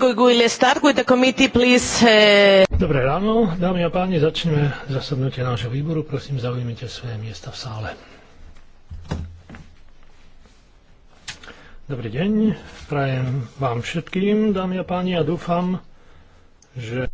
Uh, Dobré ráno, dámy a páni, začneme zasadnutie nášho výboru. Prosím, zaujímite svoje miesta v sále. Dobrý deň, prajem vám všetkým, dámy a páni, a dúfam, že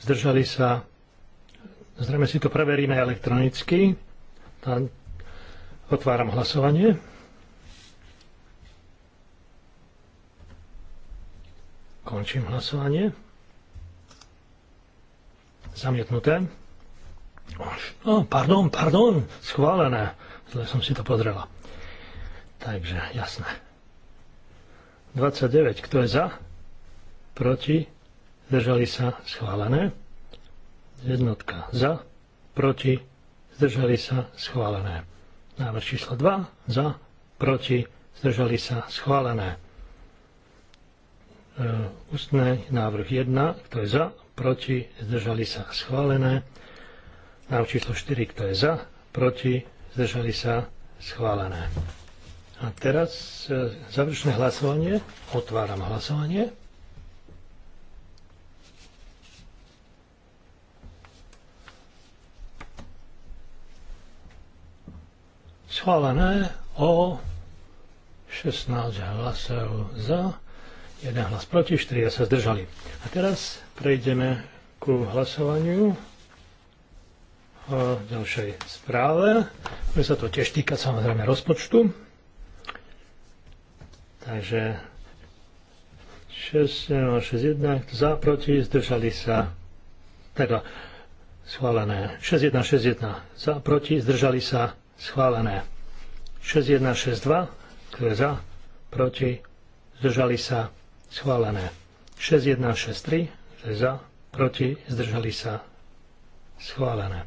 zdržali sa. Zrejme si to preveríme elektronicky. Otváram hlasovanie. Končím hlasovanie. Zamietnuté. Oh, pardon, pardon, schválené. Zle som si to pozrela. Takže, jasné. 29, kto je za? Proti? zdržali sa schválené. Jednotka za, proti, zdržali sa schválené. Návrh číslo 2 za, proti, zdržali sa schválené. E, ústne návrh 1, kto je za, proti, zdržali sa schválené. Návrh číslo 4, kto je za, proti, zdržali sa schválené. A teraz e, záverečné hlasovanie. Otváram hlasovanie. Schválené o 16 hlasov za, 1 hlas proti, 4 sa zdržali. A teraz prejdeme ku hlasovaniu o ďalšej správe, Bude sa to tiež týka samozrejme rozpočtu. Takže 6, 6, 1, za, proti, zdržali sa. Teda schválené. 6, 6, 1, 1 za, proti, zdržali sa Schválené. 6162. Kto je za? Proti? Zdržali sa? Schválené. 6163. Kto je za? Proti? Zdržali sa? Schválené.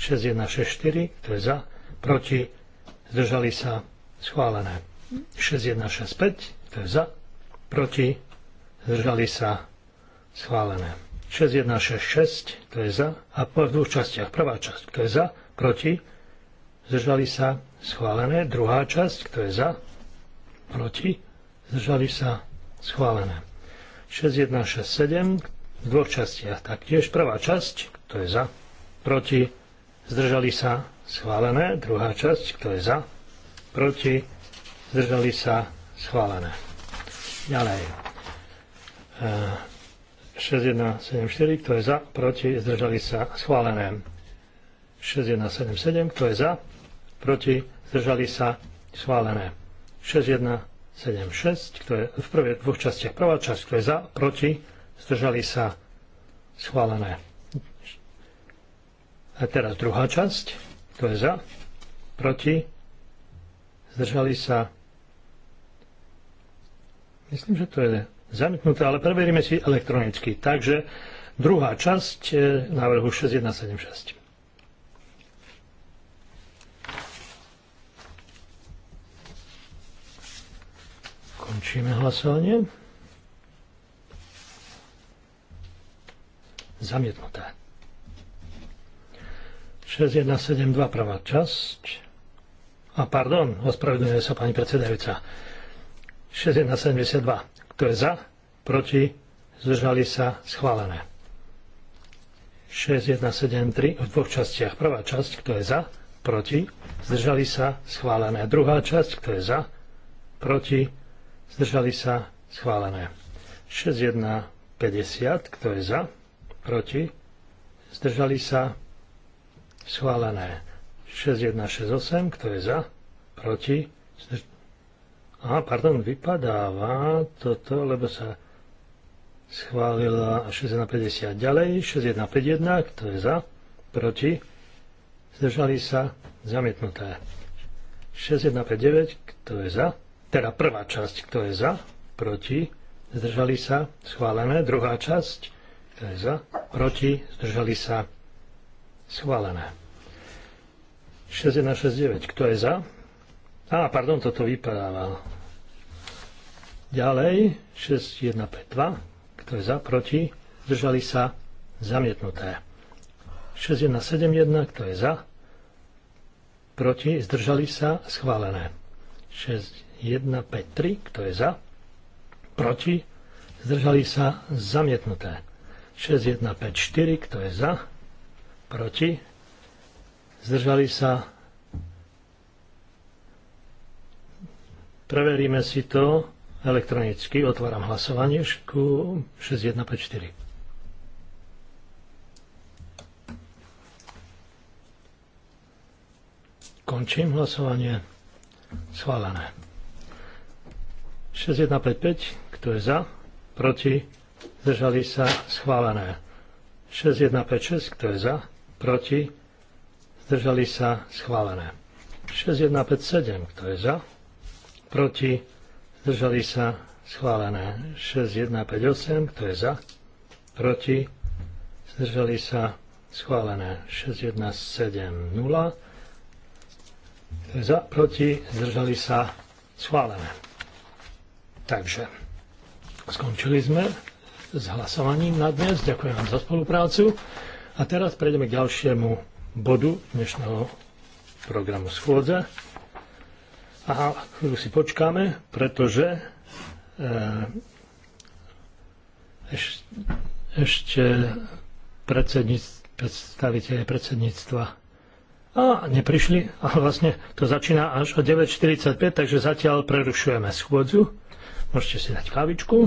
6164. Kto je za? Proti? Zdržali sa? Schválené. 6165. Kto je za? Proti? Zdržali sa? Schválené. 6166. Kto je za? A po dvoch častiach. Prvá časť. Kto je za? Proti? zdržali sa, schválené. Druhá časť, kto je za, proti, zdržali sa, schválené. 6167 v dvoch častiach. Taktiež prvá časť, kto je za, proti, zdržali sa, schválené. Druhá časť, kto je za, proti, zdržali sa, schválené. Ďalej. E 6174, kto je za, proti, zdržali sa, schválené. 6177, kto je za, proti, zdržali sa, schválené. 6176, kto je v prvých dvoch častiach. Prvá časť, kto je za, proti, zdržali sa, schválené. A teraz druhá časť, kto je za, proti, zdržali sa, myslím, že to je zamknuté, ale preveríme si elektronicky. Takže druhá časť eh, návrhu 6176. Končíme hlasovanie. Zamietnuté. 6172 prvá časť. A pardon, ospravedlňuje sa pani predsedajúca. 6172. Kto je za? Proti? Zdržali sa? Schválené. 6173 v dvoch častiach. Prvá časť, kto je za? Proti? Zdržali sa? Schválené. Druhá časť, kto je za? Proti? zdržali sa, schválené. 6150, kto je za, proti, zdržali sa, schválené. 6168, kto je za, proti, zdrž... Aha, pardon, vypadáva toto, lebo sa schválila 6150 ďalej, 6151, kto je za, proti, zdržali sa, zamietnuté. 6159, kto je za, teda prvá časť, kto je za, proti, zdržali sa, schválené. Druhá časť, kto je za, proti, zdržali sa, schválené. 6169, kto je za? Á, pardon, toto vypadával. Ďalej, 6152, kto je za, proti, zdržali sa, zamietnuté. 6171, kto je za, proti, zdržali sa, schválené. 6, 1, 5, 3, kto je za, proti, zdržali sa, zamietnuté. 6, 1, 5, 4, kto je za, proti, zdržali sa, preveríme si to elektronicky, otváram hlasovanie, 6, 1, 5, 4. Končím hlasovanie. Schválené. 6155, kto je za, proti, zdržali sa, schválené. 6156, kto je za, proti, zdržali sa, schválené. 6157, kto je za, proti, zdržali sa, schválené. 6158, kto je za, proti, zdržali sa, schválené. 6170, kto je za, proti, zdržali sa, schválené. Takže skončili sme s hlasovaním na dnes. Ďakujem vám za spoluprácu. A teraz prejdeme k ďalšiemu bodu dnešného programu schôdze. A chvíľu si počkáme, pretože eh, eš, ešte predstaviteľe predsedníctva a neprišli. A vlastne to začína až o 9.45, takže zatiaľ prerušujeme schôdzu Môžete si dať kávičku.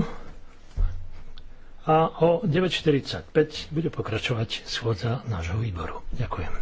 A o 9.45 bude pokračovať schôdza nášho výboru. Ďakujem.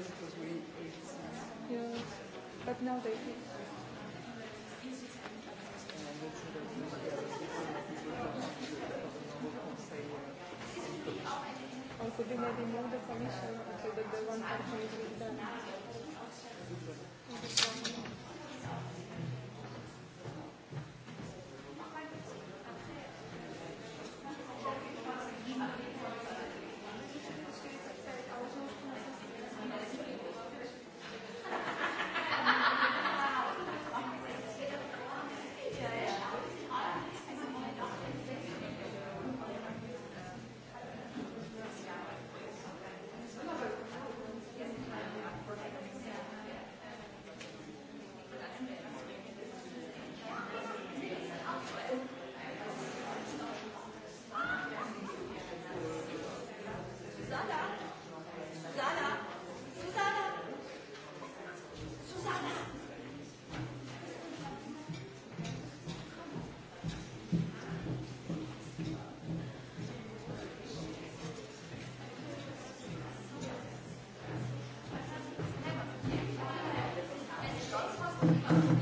otherwise it was yeah. But now they fix Also they made him the commission so that the one person is with them. Thank you.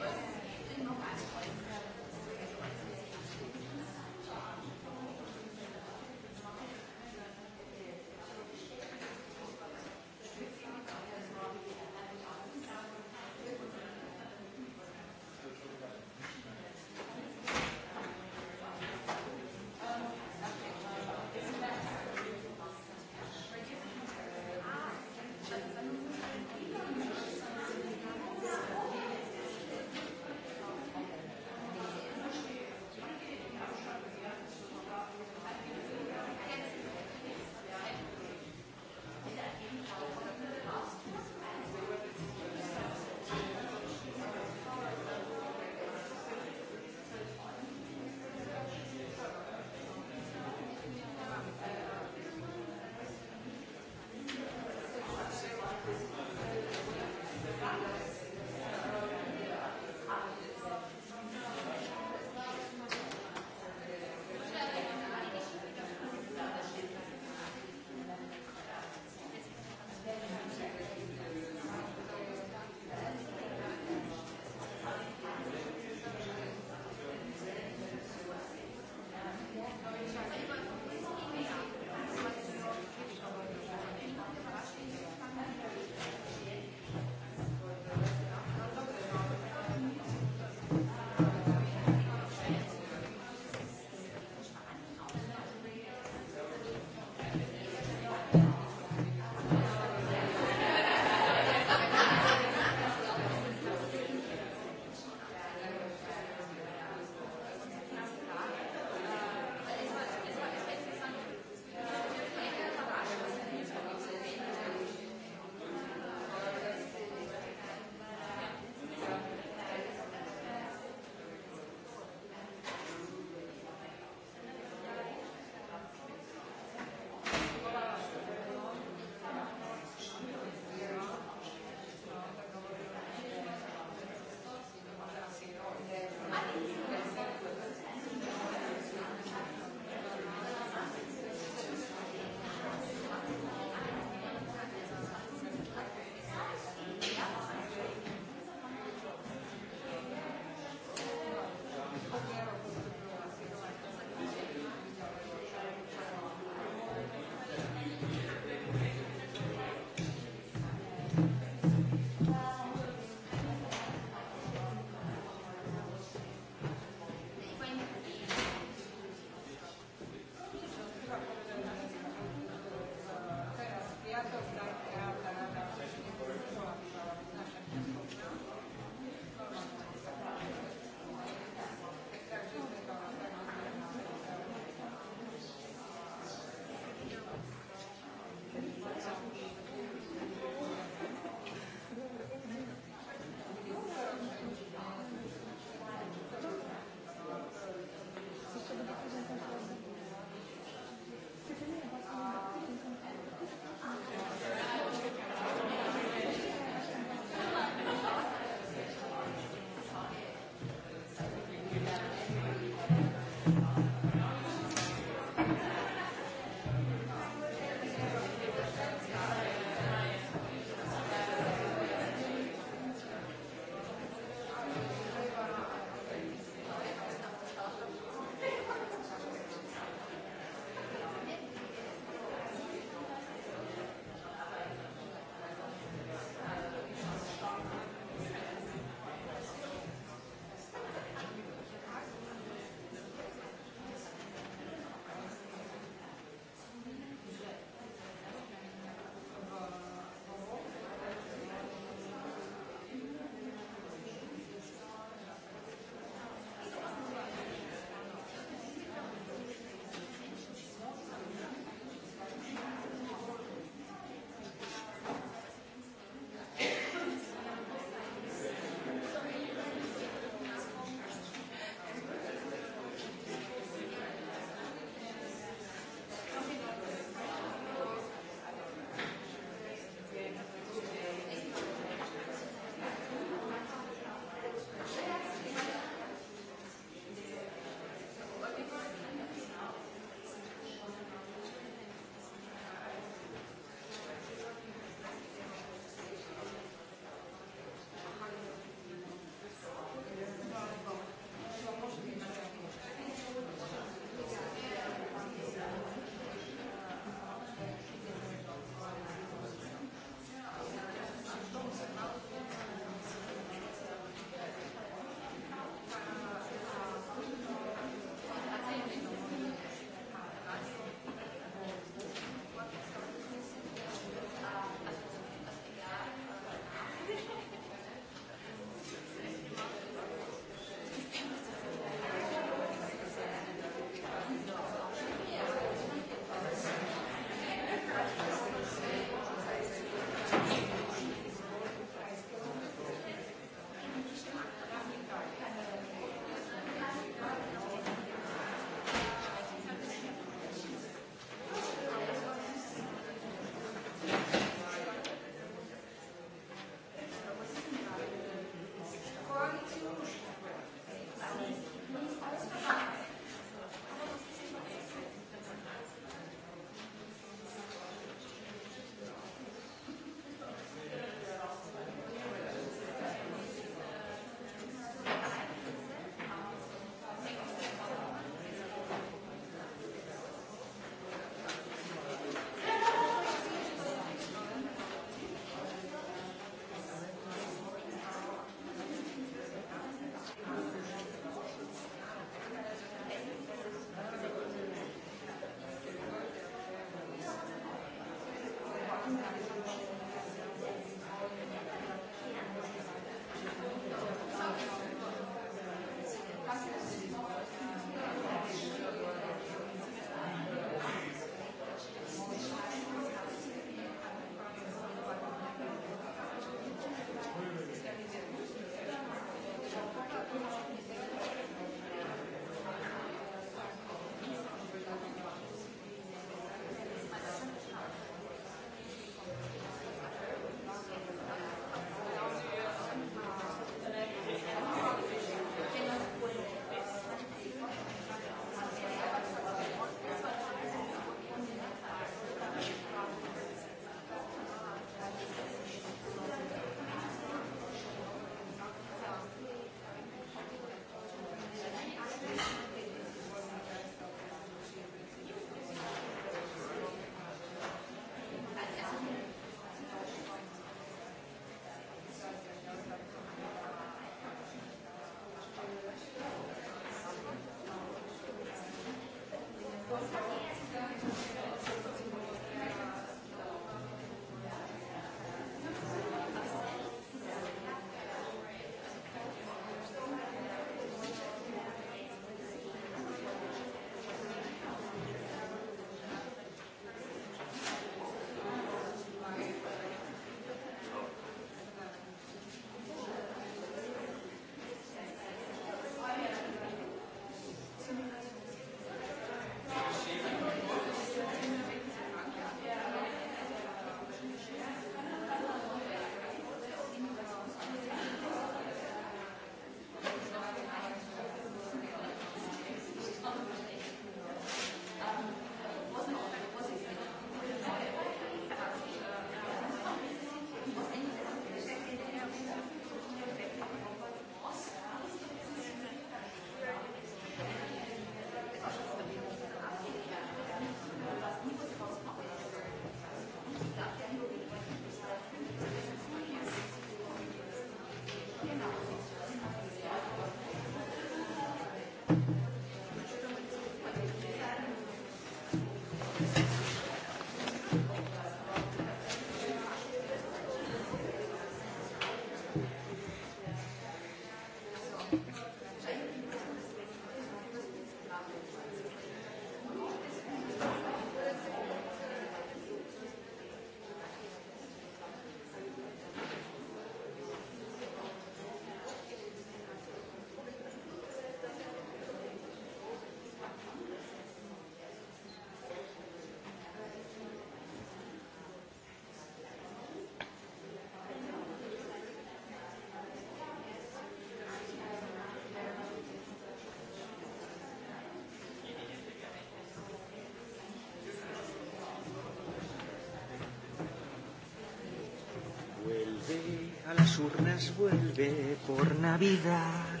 Vuelve a las urnas, vuelve por Navidad.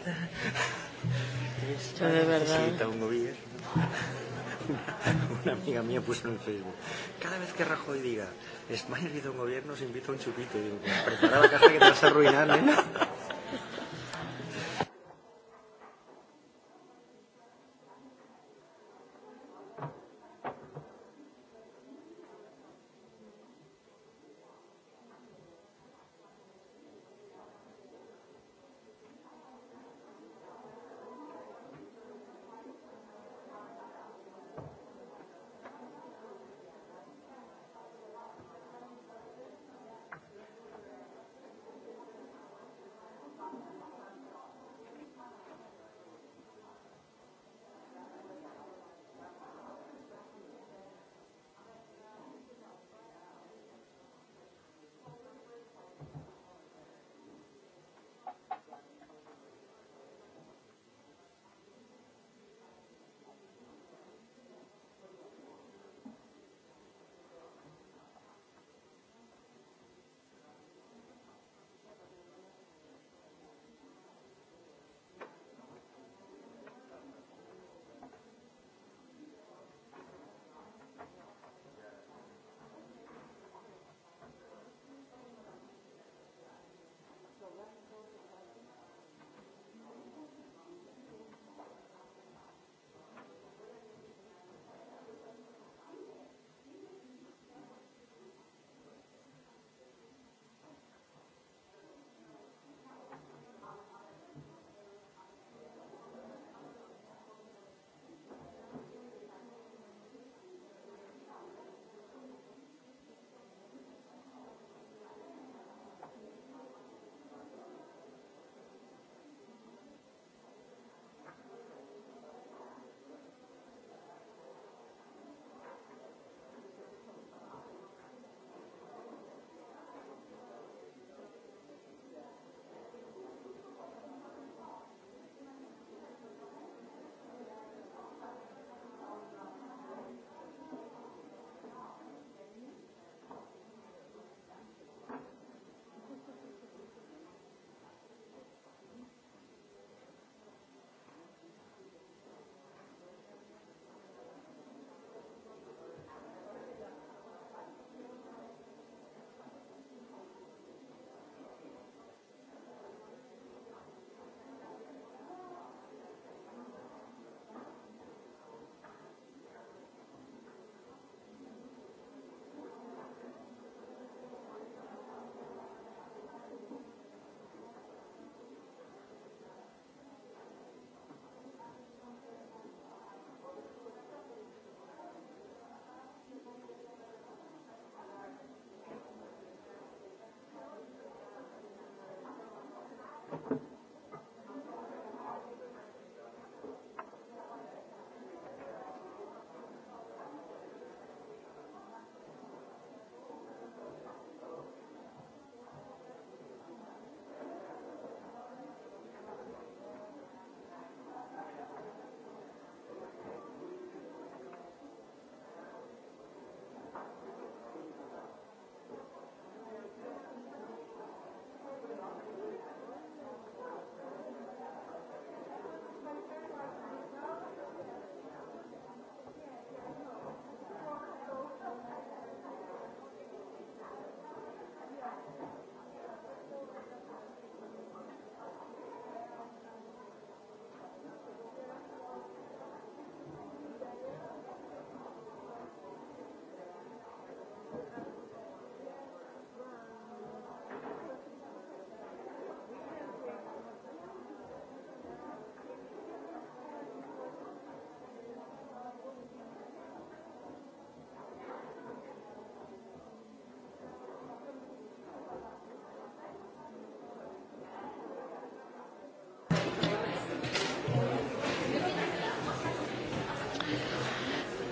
Esto de verdad. Necesita ¿eh? un gobierno. Una, una amiga mía puso en Facebook. Cada vez que Rajoy diga, España necesita un gobierno, se invita a un chupito. Y digo, prepara la casa que te vas a arruinar, ¿eh?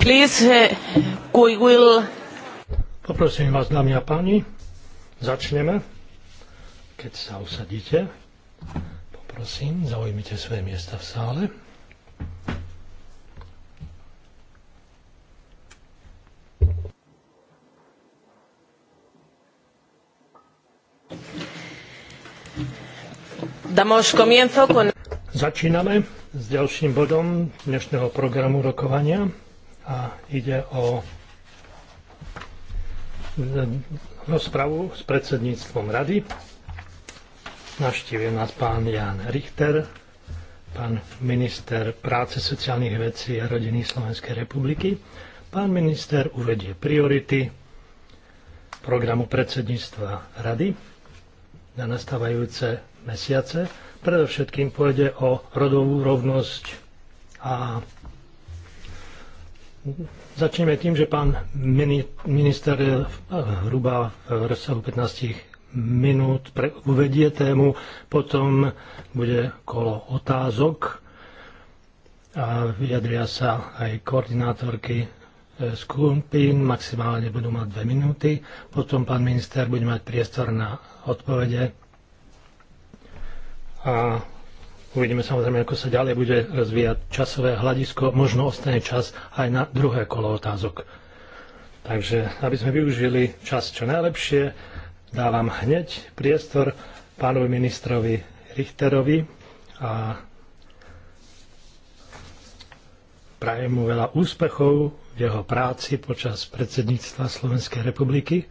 Please, uh, we will... Poprosím vás, dámy a páni, začneme. Keď sa usadíte, poprosím, zaujmite svoje miesta v sále. Damos comienzo con... Začíname s ďalším bodom dnešného programu rokovania. Ide o e, rozpravu s predsedníctvom rady. Naštívil nás pán Jan Richter, pán minister práce, sociálnych vecí a rodiny Slovenskej republiky. Pán minister uvedie priority programu predsedníctva rady na nastávajúce mesiace. Predovšetkým pôjde o rodovú rovnosť a Začneme tým, že pán minister eh, hruba v rozsahu 15 minút pre, uvedie tému, potom bude kolo otázok a vyjadria sa aj koordinátorky eh, skupín, maximálne budú mať dve minúty, potom pán minister bude mať priestor na odpovede a Uvidíme samozrejme, ako sa ďalej bude rozvíjať časové hľadisko. Možno ostane čas aj na druhé kolo otázok. Takže, aby sme využili čas čo najlepšie, dávam hneď priestor pánovi ministrovi Richterovi a prajem mu veľa úspechov v jeho práci počas predsedníctva Slovenskej republiky,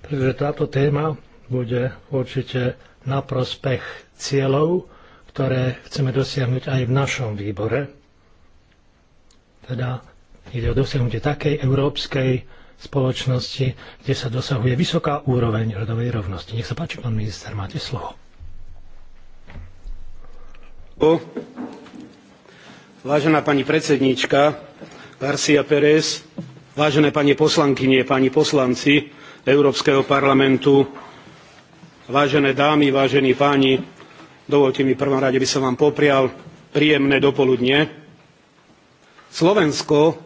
pretože táto téma bude určite na prospech cieľov, ktoré chceme dosiahnuť aj v našom výbore. Teda ide o dosiahnutie takej európskej spoločnosti, kde sa dosahuje vysoká úroveň rodovej rovnosti. Nech sa páči, pán minister, máte slovo. O, vážená pani predsedníčka Garcia Pérez, vážené pani poslankyne, pani poslanci Európskeho parlamentu, vážené dámy, vážení páni, Dovolte mi prvom rade, by som vám poprial príjemné dopoludnie. Slovensko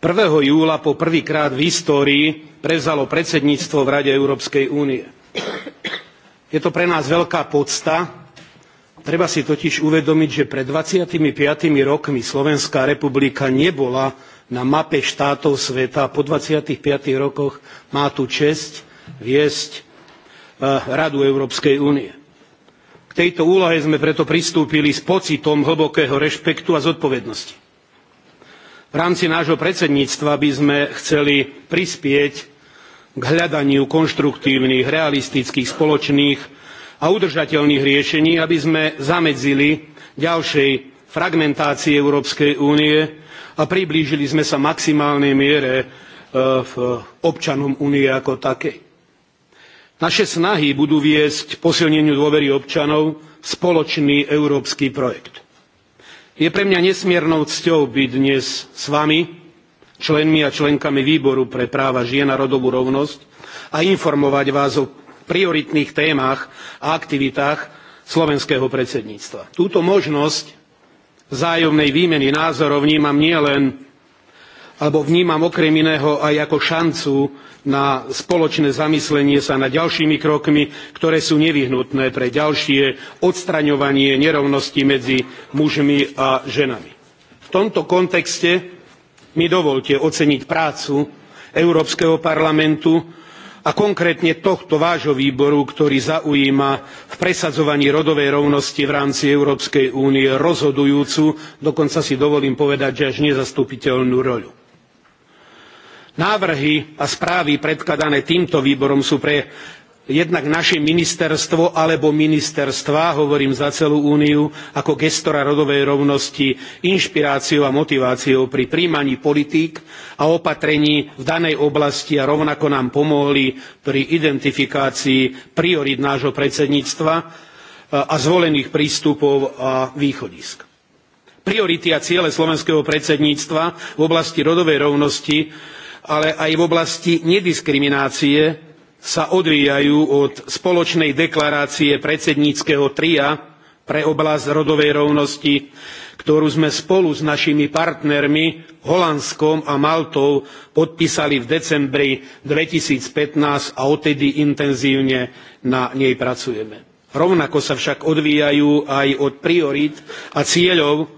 1. júla po prvýkrát v histórii prevzalo predsedníctvo v Rade Európskej únie. Je to pre nás veľká podsta. Treba si totiž uvedomiť, že pred 25 rokmi Slovenská republika nebola na mape štátov sveta. Po 25 rokoch má tu česť viesť eh, Radu Európskej únie tejto úlohe sme preto pristúpili s pocitom hlbokého rešpektu a zodpovednosti. V rámci nášho predsedníctva by sme chceli prispieť k hľadaniu konštruktívnych, realistických, spoločných a udržateľných riešení, aby sme zamedzili ďalšej fragmentácii Európskej únie a priblížili sme sa maximálnej miere e, občanom únie ako takej. Naše snahy budú viesť k posilneniu dôvery občanov v spoločný európsky projekt. Je pre mňa nesmiernou cťou byť dnes s vami, členmi a členkami Výboru pre práva žien a rodovú rovnosť a informovať vás o prioritných témach a aktivitách slovenského predsedníctva. Túto možnosť vzájomnej výmeny názorov vnímam nielen alebo vnímam okrem iného aj ako šancu na spoločné zamyslenie sa nad ďalšími krokmi, ktoré sú nevyhnutné pre ďalšie odstraňovanie nerovností medzi mužmi a ženami. V tomto kontexte mi dovolte oceniť prácu Európskeho parlamentu a konkrétne tohto vášho výboru, ktorý zaujíma v presadzovaní rodovej rovnosti v rámci Európskej únie rozhodujúcu, dokonca si dovolím povedať, že až nezastupiteľnú roľu Návrhy a správy predkladané týmto výborom sú pre jednak naše ministerstvo alebo ministerstva, hovorím za celú úniu, ako gestora rodovej rovnosti, inšpiráciou a motiváciou pri príjmaní politík a opatrení v danej oblasti a rovnako nám pomohli pri identifikácii priorit nášho predsedníctva a zvolených prístupov a východisk. Priority a ciele slovenského predsedníctva v oblasti rodovej rovnosti ale aj v oblasti nediskriminácie sa odvíjajú od spoločnej deklarácie predsedníckeho tria pre oblasť rodovej rovnosti, ktorú sme spolu s našimi partnermi Holandskom a Maltou podpísali v decembri 2015 a odtedy intenzívne na nej pracujeme. Rovnako sa však odvíjajú aj od priorít a cieľov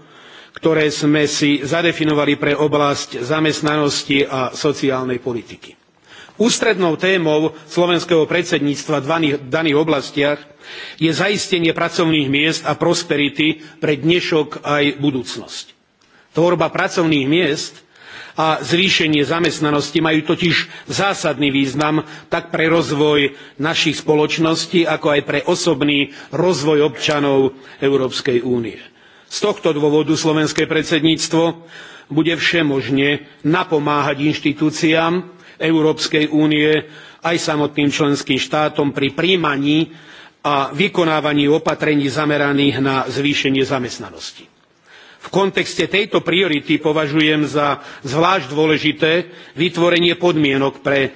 ktoré sme si zadefinovali pre oblasť zamestnanosti a sociálnej politiky. Ústrednou témou slovenského predsedníctva v daných oblastiach je zaistenie pracovných miest a prosperity pre dnešok aj budúcnosť. Tvorba pracovných miest a zvýšenie zamestnanosti majú totiž zásadný význam tak pre rozvoj našich spoločností, ako aj pre osobný rozvoj občanov Európskej únie z tohto dôvodu slovenské predsedníctvo bude všemožne napomáhať inštitúciám Európskej únie aj samotným členským štátom pri príjmaní a vykonávaní opatrení zameraných na zvýšenie zamestnanosti. V kontexte tejto priority považujem za zvlášť dôležité vytvorenie podmienok pre e,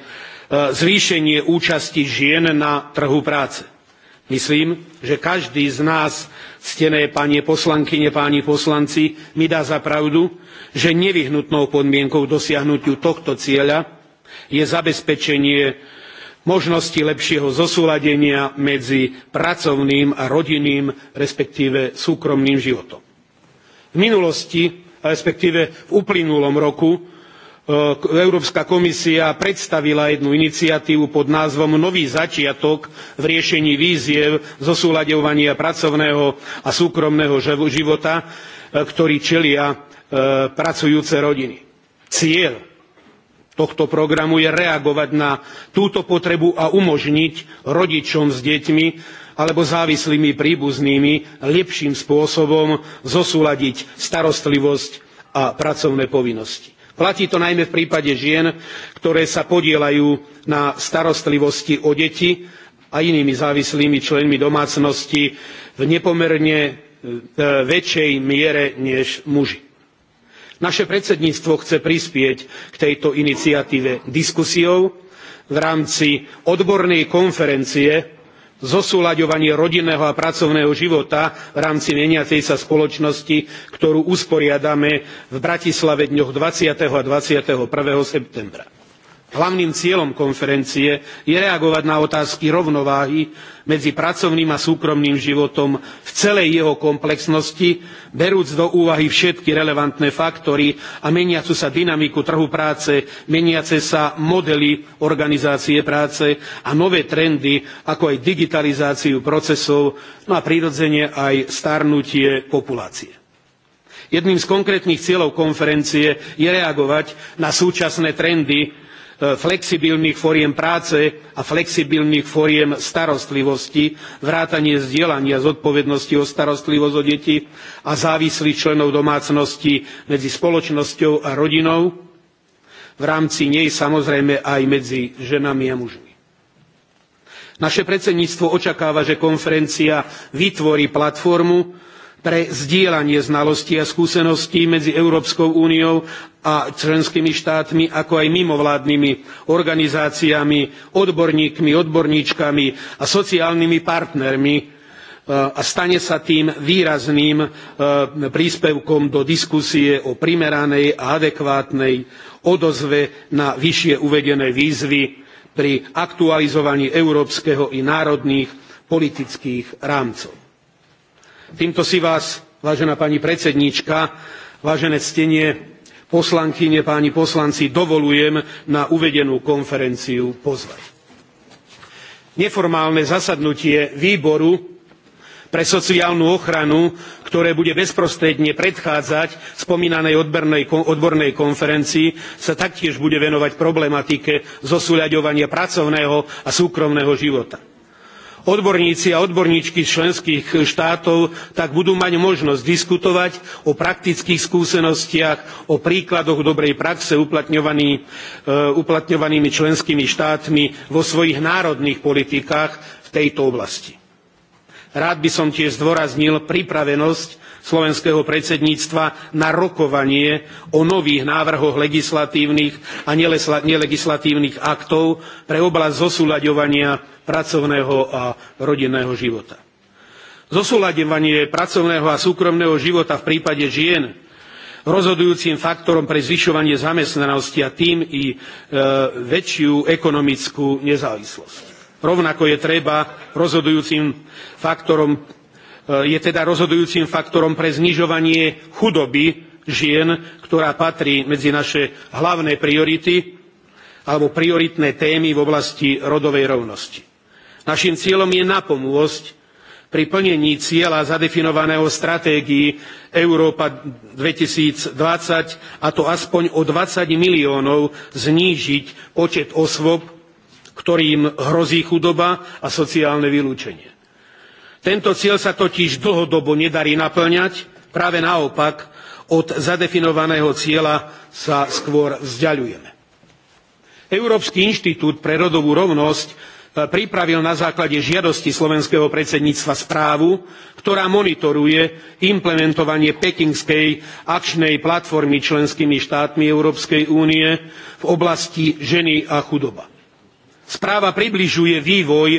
zvýšenie účasti žien na trhu práce. Myslím, že každý z nás, ctené panie poslankyne, páni poslanci, mi dá za pravdu, že nevyhnutnou podmienkou dosiahnutiu tohto cieľa je zabezpečenie možnosti lepšieho zosúladenia medzi pracovným a rodinným, respektíve súkromným životom. V minulosti, respektíve v uplynulom roku, E, Európska komisia predstavila jednu iniciatívu pod názvom Nový začiatok v riešení výziev zosúľaďovania pracovného a súkromného života, e, ktorý čelia e, pracujúce rodiny. Cieľ tohto programu je reagovať na túto potrebu a umožniť rodičom s deťmi alebo závislými príbuznými lepším spôsobom zosúladiť starostlivosť a pracovné povinnosti Platí to najmä v prípade žien, ktoré sa podieľajú na starostlivosti o deti a inými závislými členmi domácnosti v nepomerne e, e, väčšej miere než muži. Naše predsedníctvo chce prispieť k tejto iniciatíve diskusiou v rámci odbornej konferencie zosúľaďovanie rodinného a pracovného života v rámci meniacej sa spoločnosti, ktorú usporiadame v Bratislave dňoch twenty a one septembra Hlavným cieľom konferencie je reagovať na otázky rovnováhy medzi pracovným a súkromným životom v celej jeho komplexnosti, berúc do úvahy všetky relevantné faktory a meniacu sa dynamiku trhu práce, meniace sa modely organizácie práce a nové trendy, ako aj digitalizáciu procesov, no a prirodzene aj starnutie populácie. Jedným z konkrétnych cieľov konferencie je reagovať na súčasné trendy E, flexibilných foriem práce a flexibilných foriem starostlivosti, vrátanie zdieľania zodpovednosti o starostlivosť o deti a závislých členov domácnosti medzi spoločnosťou a rodinou, v rámci nej samozrejme aj medzi ženami a mužmi. Naše predsedníctvo očakáva, že konferencia vytvorí platformu, pre zdieľanie znalostí a skúseností medzi Európskou úniou a členskými štátmi, ako aj mimovládnymi organizáciami, odborníkmi, odborníčkami a sociálnymi partnermi e, a stane sa tým výrazným e, príspevkom do diskusie o primeranej a adekvátnej odozve na vyššie uvedené výzvy pri aktualizovaní európskeho i národných politických rámcov Týmto si vás, vážená pani predsedníčka, vážené ctenie poslankyne, páni poslanci, dovolujem na uvedenú konferenciu pozvať. Neformálne zasadnutie výboru pre sociálnu ochranu, ktoré bude bezprostredne predchádzať spomínanej odbornej konferencii, sa taktiež bude venovať problematike zosúľaďovania pracovného a súkromného života Odborníci a odborníčky z členských štátov tak budú mať možnosť diskutovať o praktických skúsenostiach, o príkladoch dobrej praxe uplatňovaný, e, uplatňovanými členskými štátmi vo svojich národných politikách v tejto oblasti. Rád by som tiež zdôraznil pripravenosť slovenského predsedníctva na rokovanie o nových návrhoch legislatívnych a nelegislatívnych aktov pre oblasť zosúľaďovania pracovného a rodinného života. Zosúľadevanie pracovného a súkromného života v prípade žien rozhodujúcim faktorom pre zvyšovanie zamestnanosti a tým i e, väčšiu ekonomickú nezávislosť. Rovnako je treba rozhodujúcim faktorom je teda rozhodujúcim faktorom pre znižovanie chudoby žien, ktorá patrí medzi naše hlavné priority alebo prioritné témy v oblasti rodovej rovnosti. Naším cieľom je napomôcť pri plnení cieľa zadefinovaného v stratégii Európa 2020, a to aspoň o 20 miliónov znížiť počet osôb, ktorým hrozí chudoba a sociálne vylúčenie. Tento cieľ sa totiž dlhodobo nedarí napĺňať, práve naopak, od zadefinovaného cieľa sa skôr vzdialujeme. Európsky inštitút pre rodovú rovnosť e, pripravil na základe žiadosti slovenského predsedníctva správu, ktorá monitoruje implementovanie pekingskej akčnej platformy členskými štátmi Európskej únie v oblasti ženy a chudoba. Správa približuje vývoj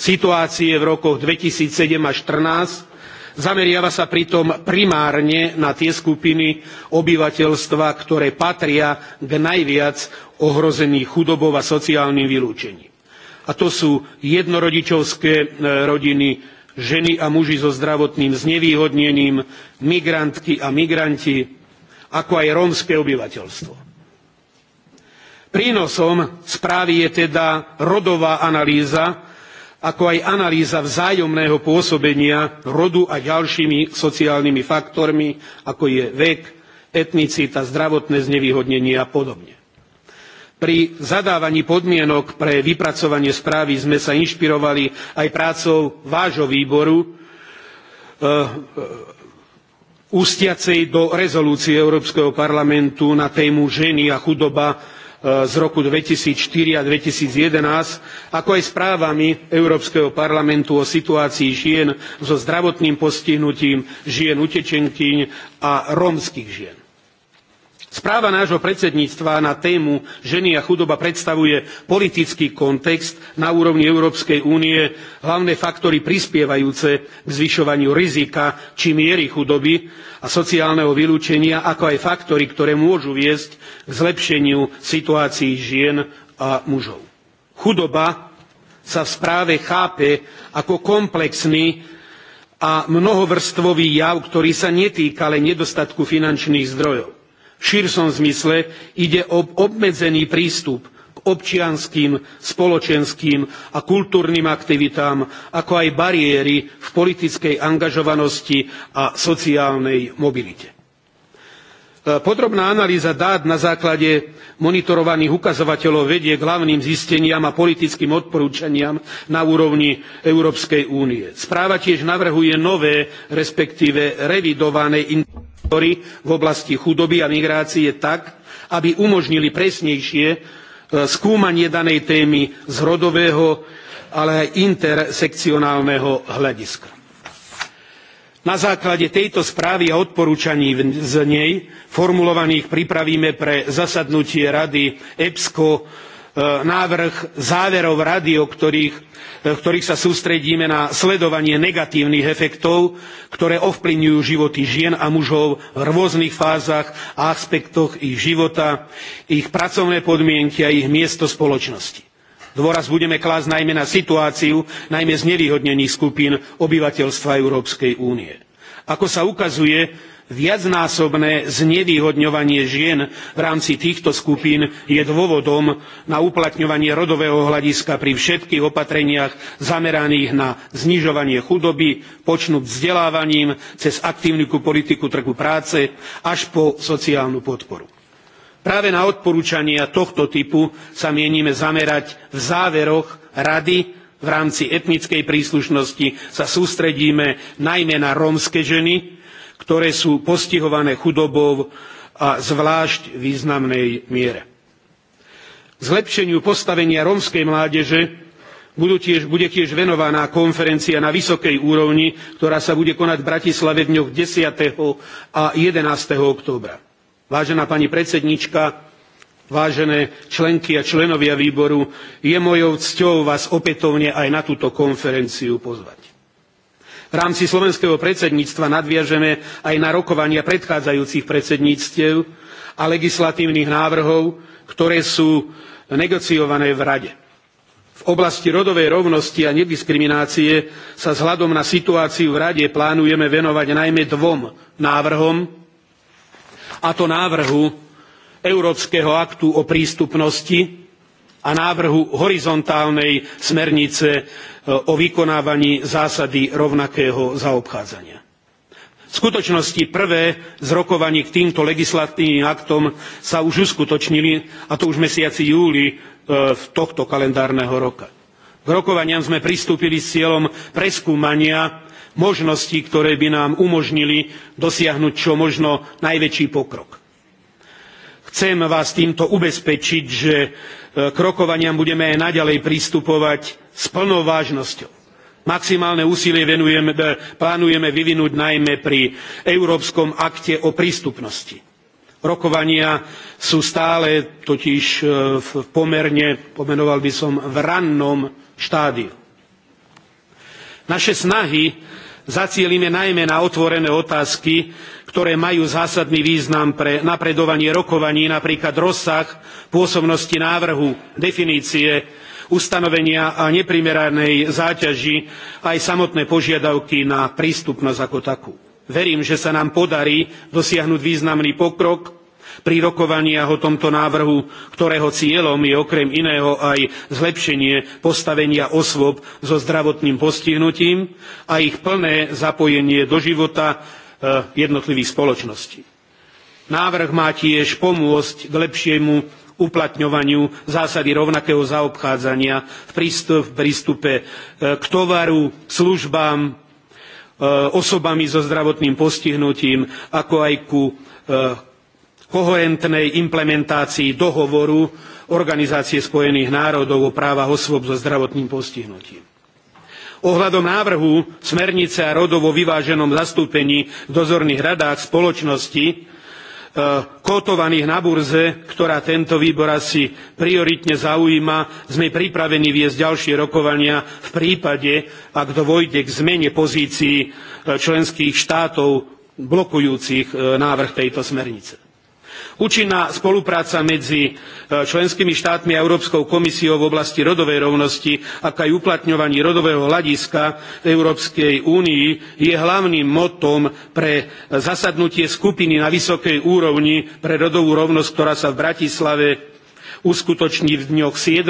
situácie v rokoch 2007 až 2014, Zameriava sa pritom primárne na tie skupiny obyvateľstva, ktoré patria k najviac ohrozených chudobou a sociálnym vylúčením. A to sú jednorodičovské e, rodiny, ženy a muži so zdravotným znevýhodnením, migrantky a migranti, ako aj rómske obyvateľstvo. Prínosom správy je teda rodová analýza, ako aj analýza vzájomného pôsobenia rodu a ďalšími sociálnymi faktormi, ako je vek, etnicita, zdravotné znevýhodnenie a podobne. Pri zadávaní podmienok pre vypracovanie správy sme sa inšpirovali aj prácou vášho výboru, eh, eh, ústiacej do rezolúcie Európskeho parlamentu na tému ženy a chudoba Eh, z roku 2004 a 2011, ako aj správami Európskeho parlamentu o situácii žien so zdravotným postihnutím, žien utečenkyň a rómskych žien. Správa nášho predsedníctva na tému ženy a chudoba predstavuje politický kontext na úrovni Európskej únie, hlavné faktory prispievajúce k zvyšovaniu rizika či miery chudoby a sociálneho vylúčenia, ako aj faktory, ktoré môžu viesť k zlepšeniu situácií žien a mužov. Chudoba sa v správe chápe ako komplexný a mnohovrstvový jav, ktorý sa netýka len nedostatku finančných zdrojov v širšom zmysle ide o obmedzený prístup k občianskym, spoločenským a kultúrnym aktivitám, ako aj bariéry v politickej angažovanosti a sociálnej mobilite. E, podrobná analýza dát na základe monitorovaných ukazovateľov vedie k hlavným zisteniam a politickým odporúčaniam na úrovni Európskej únie. Správa tiež navrhuje nové, respektíve revidované v oblasti chudoby a migrácie tak, aby umožnili presnejšie e, skúmanie danej témy z rodového, ale aj intersekcionálneho hľadiska. Na základe tejto správy a odporúčaní z nej formulovaných pripravíme pre zasadnutie Rady EPSCO E, návrh záverov rady, o ktorých, v e, ktorých sa sústredíme na sledovanie negatívnych efektov, ktoré ovplyvňujú životy žien a mužov v rôznych fázach a aspektoch ich života, ich pracovné podmienky a ich miesto spoločnosti. Dôraz budeme klásť najmä na situáciu najmä znevýhodnených skupín obyvateľstva Európskej únie. Ako sa ukazuje, viacnásobné znevýhodňovanie žien v rámci týchto skupín je dôvodom na uplatňovanie rodového hľadiska pri všetkých opatreniach zameraných na znižovanie chudoby počnúc vzdelávaním cez aktívnu politiku trhu práce až po sociálnu podporu. práve na odporúčania tohto typu sa mienime zamerať v záveroch rady v rámci etnickej príslušnosti sa sústredíme najmä na rómske ženy ktoré sú postihované chudobou a zvlášť významnej miere. K zlepšeniu postavenia rómskej mládeže Tiež, bude tiež venovaná konferencia na vysokej úrovni, ktorá sa bude konať v Bratislave v dňoch 10. a 11. októbra. Vážená pani predsedníčka, vážené členky a členovia výboru, je mojou cťou vás opätovne aj na túto konferenciu pozvať. V rámci slovenského predsedníctva nadviažeme aj na rokovania predchádzajúcich predsedníctiev a legislatívnych návrhov, ktoré sú negociované v Rade. V oblasti rodovej rovnosti a nediskriminácie sa vzhľadom na situáciu v Rade plánujeme venovať najmä dvom návrhom, a to návrhu Európskeho aktu o prístupnosti a návrhu horizontálnej smernice e, o vykonávaní zásady rovnakého zaobchádzania. V skutočnosti prvé z rokovaní k týmto legislatívnym aktom sa už uskutočnili, a to už v mesiaci júli e, v tohto kalendárneho roka. K rokovaniam sme pristúpili s cieľom preskúmania možností, ktoré by nám umožnili dosiahnuť čo možno najväčší pokrok. Chcem vás týmto ubezpečiť, že E, k rokovaniam budeme aj naďalej pristupovať s plnou vážnosťou. Maximálne úsilie venujeme, e, plánujeme vyvinúť najmä pri Európskom akte o prístupnosti. Rokovania sú stále totiž e, v pomerne, pomenoval by som, v rannom štádiu. Naše snahy zacielime najmä na otvorené otázky, ktoré majú zásadný význam pre napredovanie rokovaní, napríklad rozsah pôsobnosti návrhu, definície, ustanovenia a neprimeranej záťaži aj samotné požiadavky na prístupnosť ako takú. Verím, že sa nám podarí dosiahnuť významný pokrok pri rokovaniach o tomto návrhu, ktorého cieľom je okrem iného aj zlepšenie postavenia osôb so zdravotným postihnutím a ich plné zapojenie do života Eh, jednotlivých spoločností. Návrh má tiež pomôcť k lepšiemu uplatňovaniu zásady rovnakého zaobchádzania v prístupe eh, k tovaru, službám, eh, osobami so zdravotným postihnutím, ako aj ku koherentnej implementácii dohovoru Organizácie spojených národov o právach osôb so zdravotným postihnutím ohľadom návrhu smernice a rodovo vyváženom zastúpení v dozorných radách spoločnosti e, kotovaných na burze, ktorá tento výbor asi prioritne zaujíma, sme pripravení viesť ďalšie rokovania v prípade, ak dôjde k zmene pozícií e, členských štátov blokujúcich e, návrh tejto smernice účinná spolupráca medzi e, členskými štátmi a Európskou komisiou v oblasti rodovej rovnosti, ako aj uplatňovaní rodového hľadiska v Európskej únii je hlavným motom pre zasadnutie skupiny na vysokej úrovni pre rodovú rovnosť, ktorá sa v Bratislave uskutoční v dňoch 7.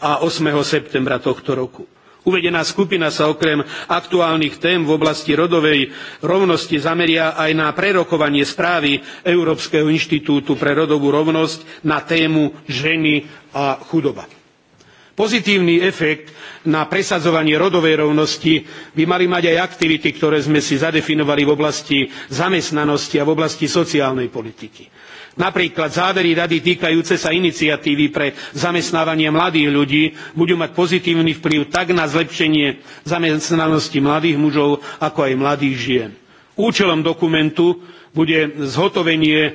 a 8. septembra tohto roku. Uvedená skupina sa okrem aktuálnych tém v oblasti rodovej rovnosti zameria aj na prerokovanie správy Európskeho inštitútu pre rodovú rovnosť na tému ženy a chudoba. Pozitívny efekt na presadzovanie rodovej rovnosti by mali mať aj aktivity, ktoré sme si zadefinovali v oblasti zamestnanosti a v oblasti sociálnej politiky. Napríklad závery rady týkajúce sa iniciatívy pre zamestnávanie mladých ľudí budú mať pozitívny vplyv tak na zlepšenie zamestnanosti mladých mužov, ako aj mladých žien. Účelom dokumentu bude zhotovenie e,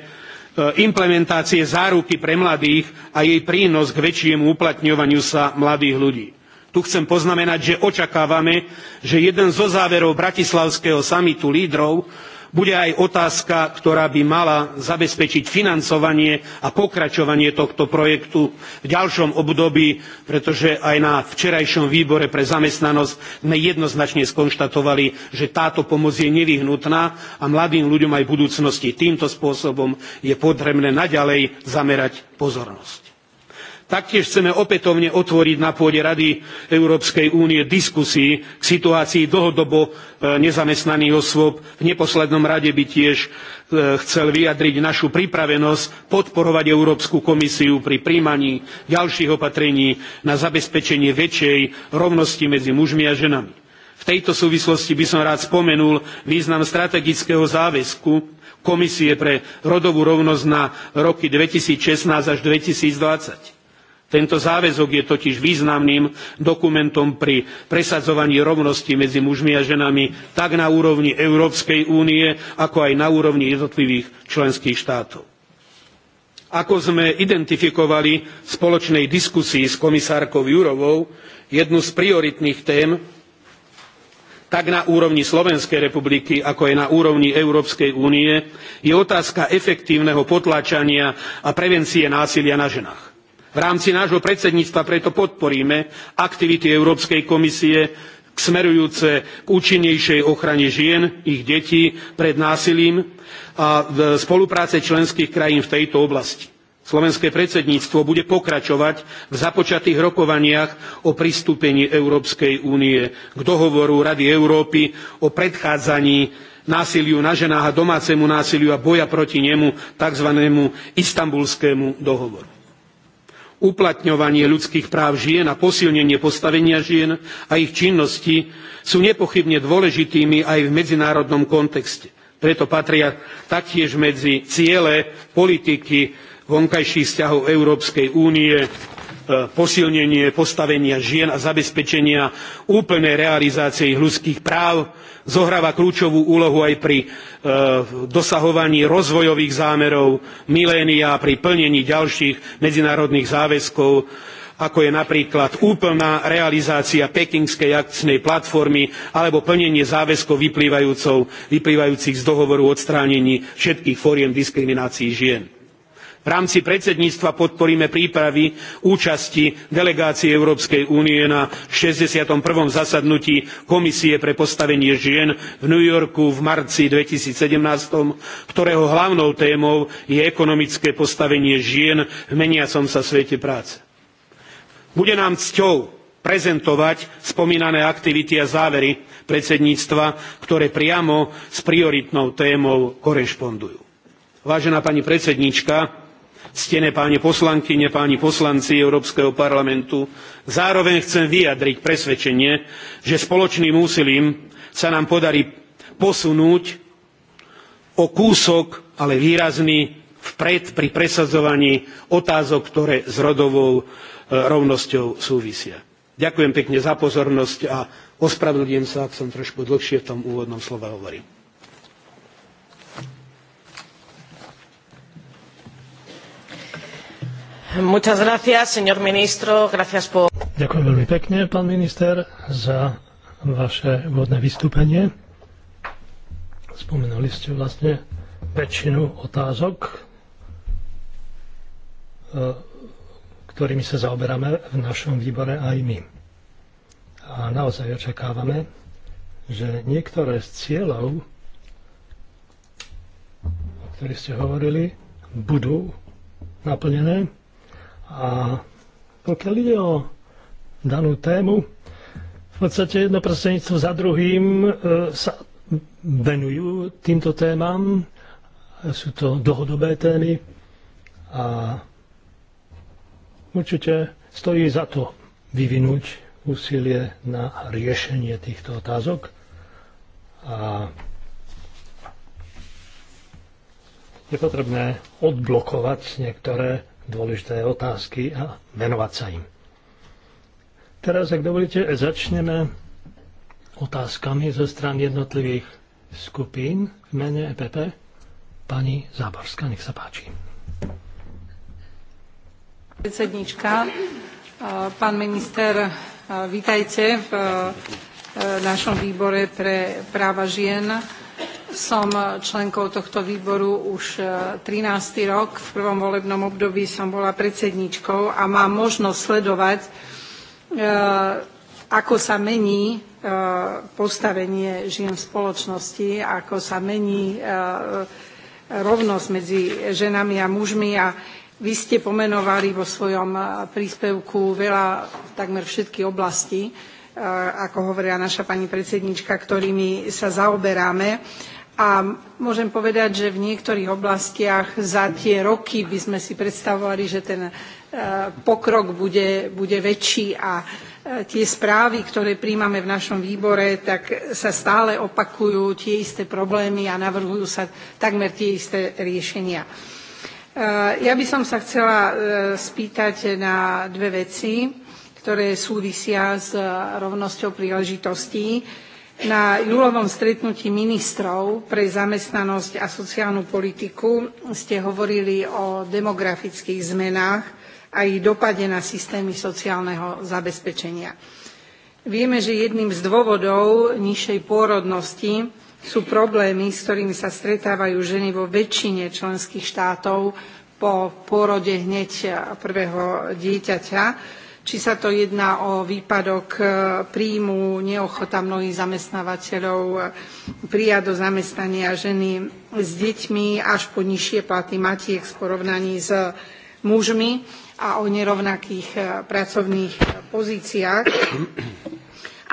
implementácie záruky pre mladých a jej prínos k väčšiemu uplatňovaniu sa mladých ľudí. Tu chcem poznamenať, že očakávame, že jeden zo záverov bratislavského samitu lídrov bude aj otázka, ktorá by mala zabezpečiť financovanie a pokračovanie tohto projektu v ďalšom období, pretože aj na včerajšom výbore pre zamestnanosť sme jednoznačne skonštatovali, že táto pomoc je nevyhnutná a mladým ľuďom aj v budúcnosti týmto spôsobom je potrebné naďalej zamerať pozornosť. Taktiež chceme opätovne otvoriť na pôde Rady Európskej únie diskusii k situácii dlhodobo e, nezamestnaných osôb. V neposlednom rade by tiež e, chcel vyjadriť našu pripravenosť podporovať Európsku komisiu pri príjmaní ďalších opatrení na zabezpečenie väčšej rovnosti medzi mužmi a ženami. V tejto súvislosti by som rád spomenul význam strategického záväzku Komisie pre rodovú rovnosť na roky sixteen až twenty tento záväzok je totiž významným dokumentom pri presadzovaní rovnosti medzi mužmi a ženami tak na úrovni Európskej únie, ako aj na úrovni jednotlivých členských štátov. Ako sme identifikovali v spoločnej diskusii s komisárkou Jurovou, jednu z prioritných tém, tak na úrovni Slovenskej republiky, ako aj na úrovni Európskej únie, je otázka efektívneho potláčania a prevencie násilia na ženách v rámci nášho predsedníctva preto podporíme aktivity Európskej komisie smerujúce k účinnejšej ochrane žien, ich detí pred násilím a spolupráce členských krajín v tejto oblasti. Slovenské predsedníctvo bude pokračovať v započatých rokovaniach o pristúpení Európskej únie k dohovoru Rady Európy o predchádzaní násiliu na ženách a domácemu násiliu a boja proti nemu tzv. istambulskému dohovoru uplatňovanie ľudských práv žien a posilnenie postavenia žien a ich činnosti sú nepochybne dôležitými aj v medzinárodnom kontexte. Preto patria taktiež medzi ciele politiky vonkajších vzťahov Európskej únie E, posilnenie postavenia žien a zabezpečenia úplnej realizácie ich ľudských práv zohráva kľúčovú úlohu aj pri e, dosahovaní rozvojových zámerov milénia pri plnení ďalších medzinárodných záväzkov ako je napríklad úplná realizácia pekingskej akčnej platformy alebo plnenie záväzkov vyplývajúcich z dohovoru o odstránení všetkých foriem diskriminácií žien. V rámci predsedníctva podporíme prípravy účasti delegácie Európskej únie na 61. zasadnutí Komisie pre postavenie žien v New Yorku v marci 2017, ktorého hlavnou témou je ekonomické postavenie žien v meniacom sa svete práce. Bude nám cťou prezentovať spomínané aktivity a závery predsedníctva, ktoré priamo s prioritnou témou korešpondujú. Vážená pani predsedníčka, Ctené páni poslankyne, páni poslanci Európskeho parlamentu, zároveň chcem vyjadriť presvedčenie, že spoločným úsilím sa nám podarí posunúť o kúsok, ale výrazný vpred pri presadzovaní otázok, ktoré s rodovou e, rovnosťou súvisia. Ďakujem pekne za pozornosť a ospravedlňujem sa, ak som trošku dlhšie v tom úvodnom slove hovoril. Gracias, ministro, por... Ďakujem veľmi pekne, pán minister, za vaše úvodné vystúpenie. Spomenuli ste vlastne väčšinu otázok, e, ktorými sa zaoberáme v našom výbore aj my. A naozaj očakávame, že niektoré z cieľov, o ktorých ste hovorili, budú naplnené a pokiaľ ide o danú tému, v podstate jedno prostredníctvo za druhým e, sa venujú týmto témam. Sú to dlhodobé témy a určite stojí za to vyvinúť úsilie na riešenie týchto otázok. A je potrebné odblokovať niektoré dôležité otázky a venovať sa im. Teraz, ak dovolíte, začneme otázkami zo stran jednotlivých skupín v mene EPP. Pani Záborská, nech sa páči. Predsednička, pán minister, vítajte v našom výbore pre práva žien. Som e, členkou tohto výboru už 13. E, rok. V prvom volebnom období som bola predsedničkou a mám možnosť sledovať, e, ako sa mení postavenie žien v spoločnosti, ako sa mení rovnosť medzi ženami a mužmi a vy ste pomenovali vo svojom príspevku veľa, takmer všetky oblasti ako hovorila naša pani predsedníčka, ktorými sa zaoberáme. A môžem povedať, že v niektorých oblastiach za tie roky by sme si predstavovali, že ten e, pokrok bude, bude väčší a e, tie správy, ktoré príjmame v našom výbore, tak sa stále opakujú tie isté problémy a navrhujú sa takmer tie isté riešenia. E, ja by som sa chcela spýtať na dve veci ktoré súvisia s eh, rovnosťou príležitostí. Na júlovom stretnutí ministrov pre zamestnanosť a sociálnu politiku ste hovorili o demografických zmenách a ich dopade na systémy sociálneho zabezpečenia. Vieme, že jedným z dôvodov nižšej pôrodnosti sú problémy, s ktorými sa stretávajú ženy vo väčšine členských štátov po pôrode hneď prvého dieťaťa či sa to jedná o výpadok e, príjmu, neochota mnohých zamestnávateľov e, prijať do zamestnania ženy s deťmi až po nižšie platy matiek v porovnaní s mužmi a o nerovnakých e, pracovných pozíciách.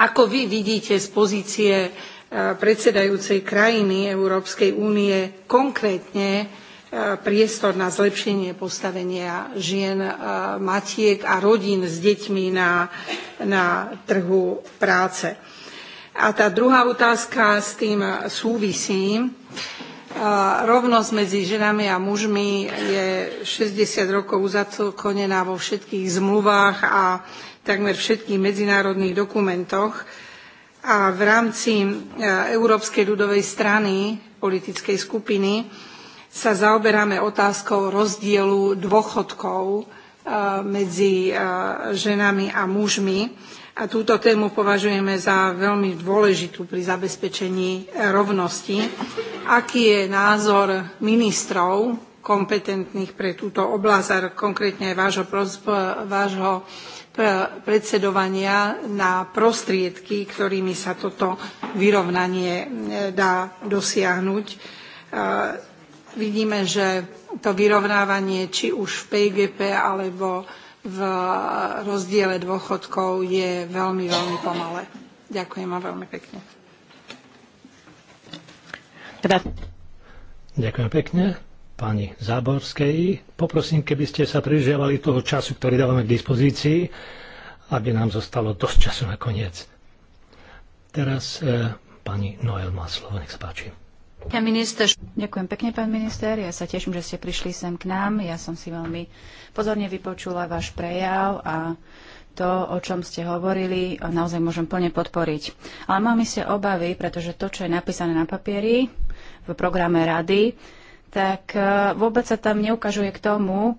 Ako vy vidíte z pozície predsedajúcej krajiny Európskej únie konkrétne priestor na zlepšenie postavenia žien, e, matiek a rodín s deťmi na, na trhu práce. A tá druhá otázka s tým súvisí. E, rovnosť medzi ženami a mužmi je 60 rokov uzakonená vo všetkých zmluvách a takmer všetkých medzinárodných dokumentoch. A v rámci e, Európskej ľudovej strany, politickej skupiny, sa zaoberáme otázkou rozdielu dôchodkov eh, medzi eh, ženami a mužmi. A túto tému považujeme za veľmi dôležitú pri zabezpečení eh, rovnosti. Aký je názor ministrov kompetentných pre túto oblasť a konkrétne aj vášho, vášho predsedovania na prostriedky, ktorými sa toto vyrovnanie dá dosiahnuť? vidíme, že to vyrovnávanie či už v PGP alebo v rozdiele dôchodkov je veľmi, veľmi pomalé. Ďakujem vám veľmi pekne. Ďakujem pekne. Pani Záborskej, poprosím, keby ste sa prižiavali toho času, ktorý dávame k dispozícii, aby nám zostalo dosť času na koniec. Teraz e, pani Noel má slovo, nech sa páči. Minister. Ďakujem pekne, pán minister. Ja sa teším, že ste prišli sem k nám. Ja som si veľmi pozorne vypočula váš prejav a to, o čom ste hovorili, naozaj môžem plne podporiť. Ale mám isté obavy, pretože to, čo je napísané na papieri v programe rady, tak e, vôbec sa tam neukažuje k tomu,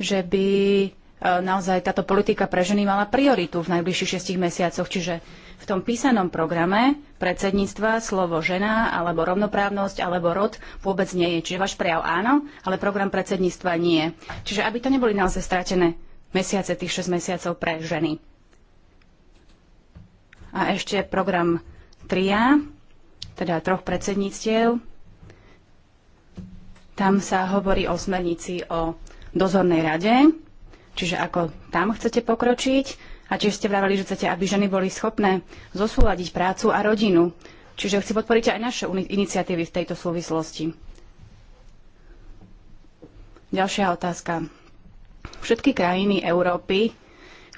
že by e, naozaj táto politika pre ženy mala prioritu v najbližších šestich mesiacoch. Čiže v tom písanom programe predsedníctva slovo žena alebo rovnoprávnosť alebo rod vôbec nie je. Čiže váš prejav áno, ale program predsedníctva nie. Čiže aby to neboli naozaj stratené mesiace, tých 6 mesiacov pre ženy. A ešte program TRIA, teda troch predsedníctiev. Tam sa hovorí o smernici o dozornej rade, čiže ako tam chcete pokročiť. A tiež ste vravali, že chcete, aby ženy boli schopné zosúľadiť prácu a rodinu. Čiže chci podporiť aj naše iniciatívy v tejto súvislosti. Ďalšia otázka. Všetky krajiny Európy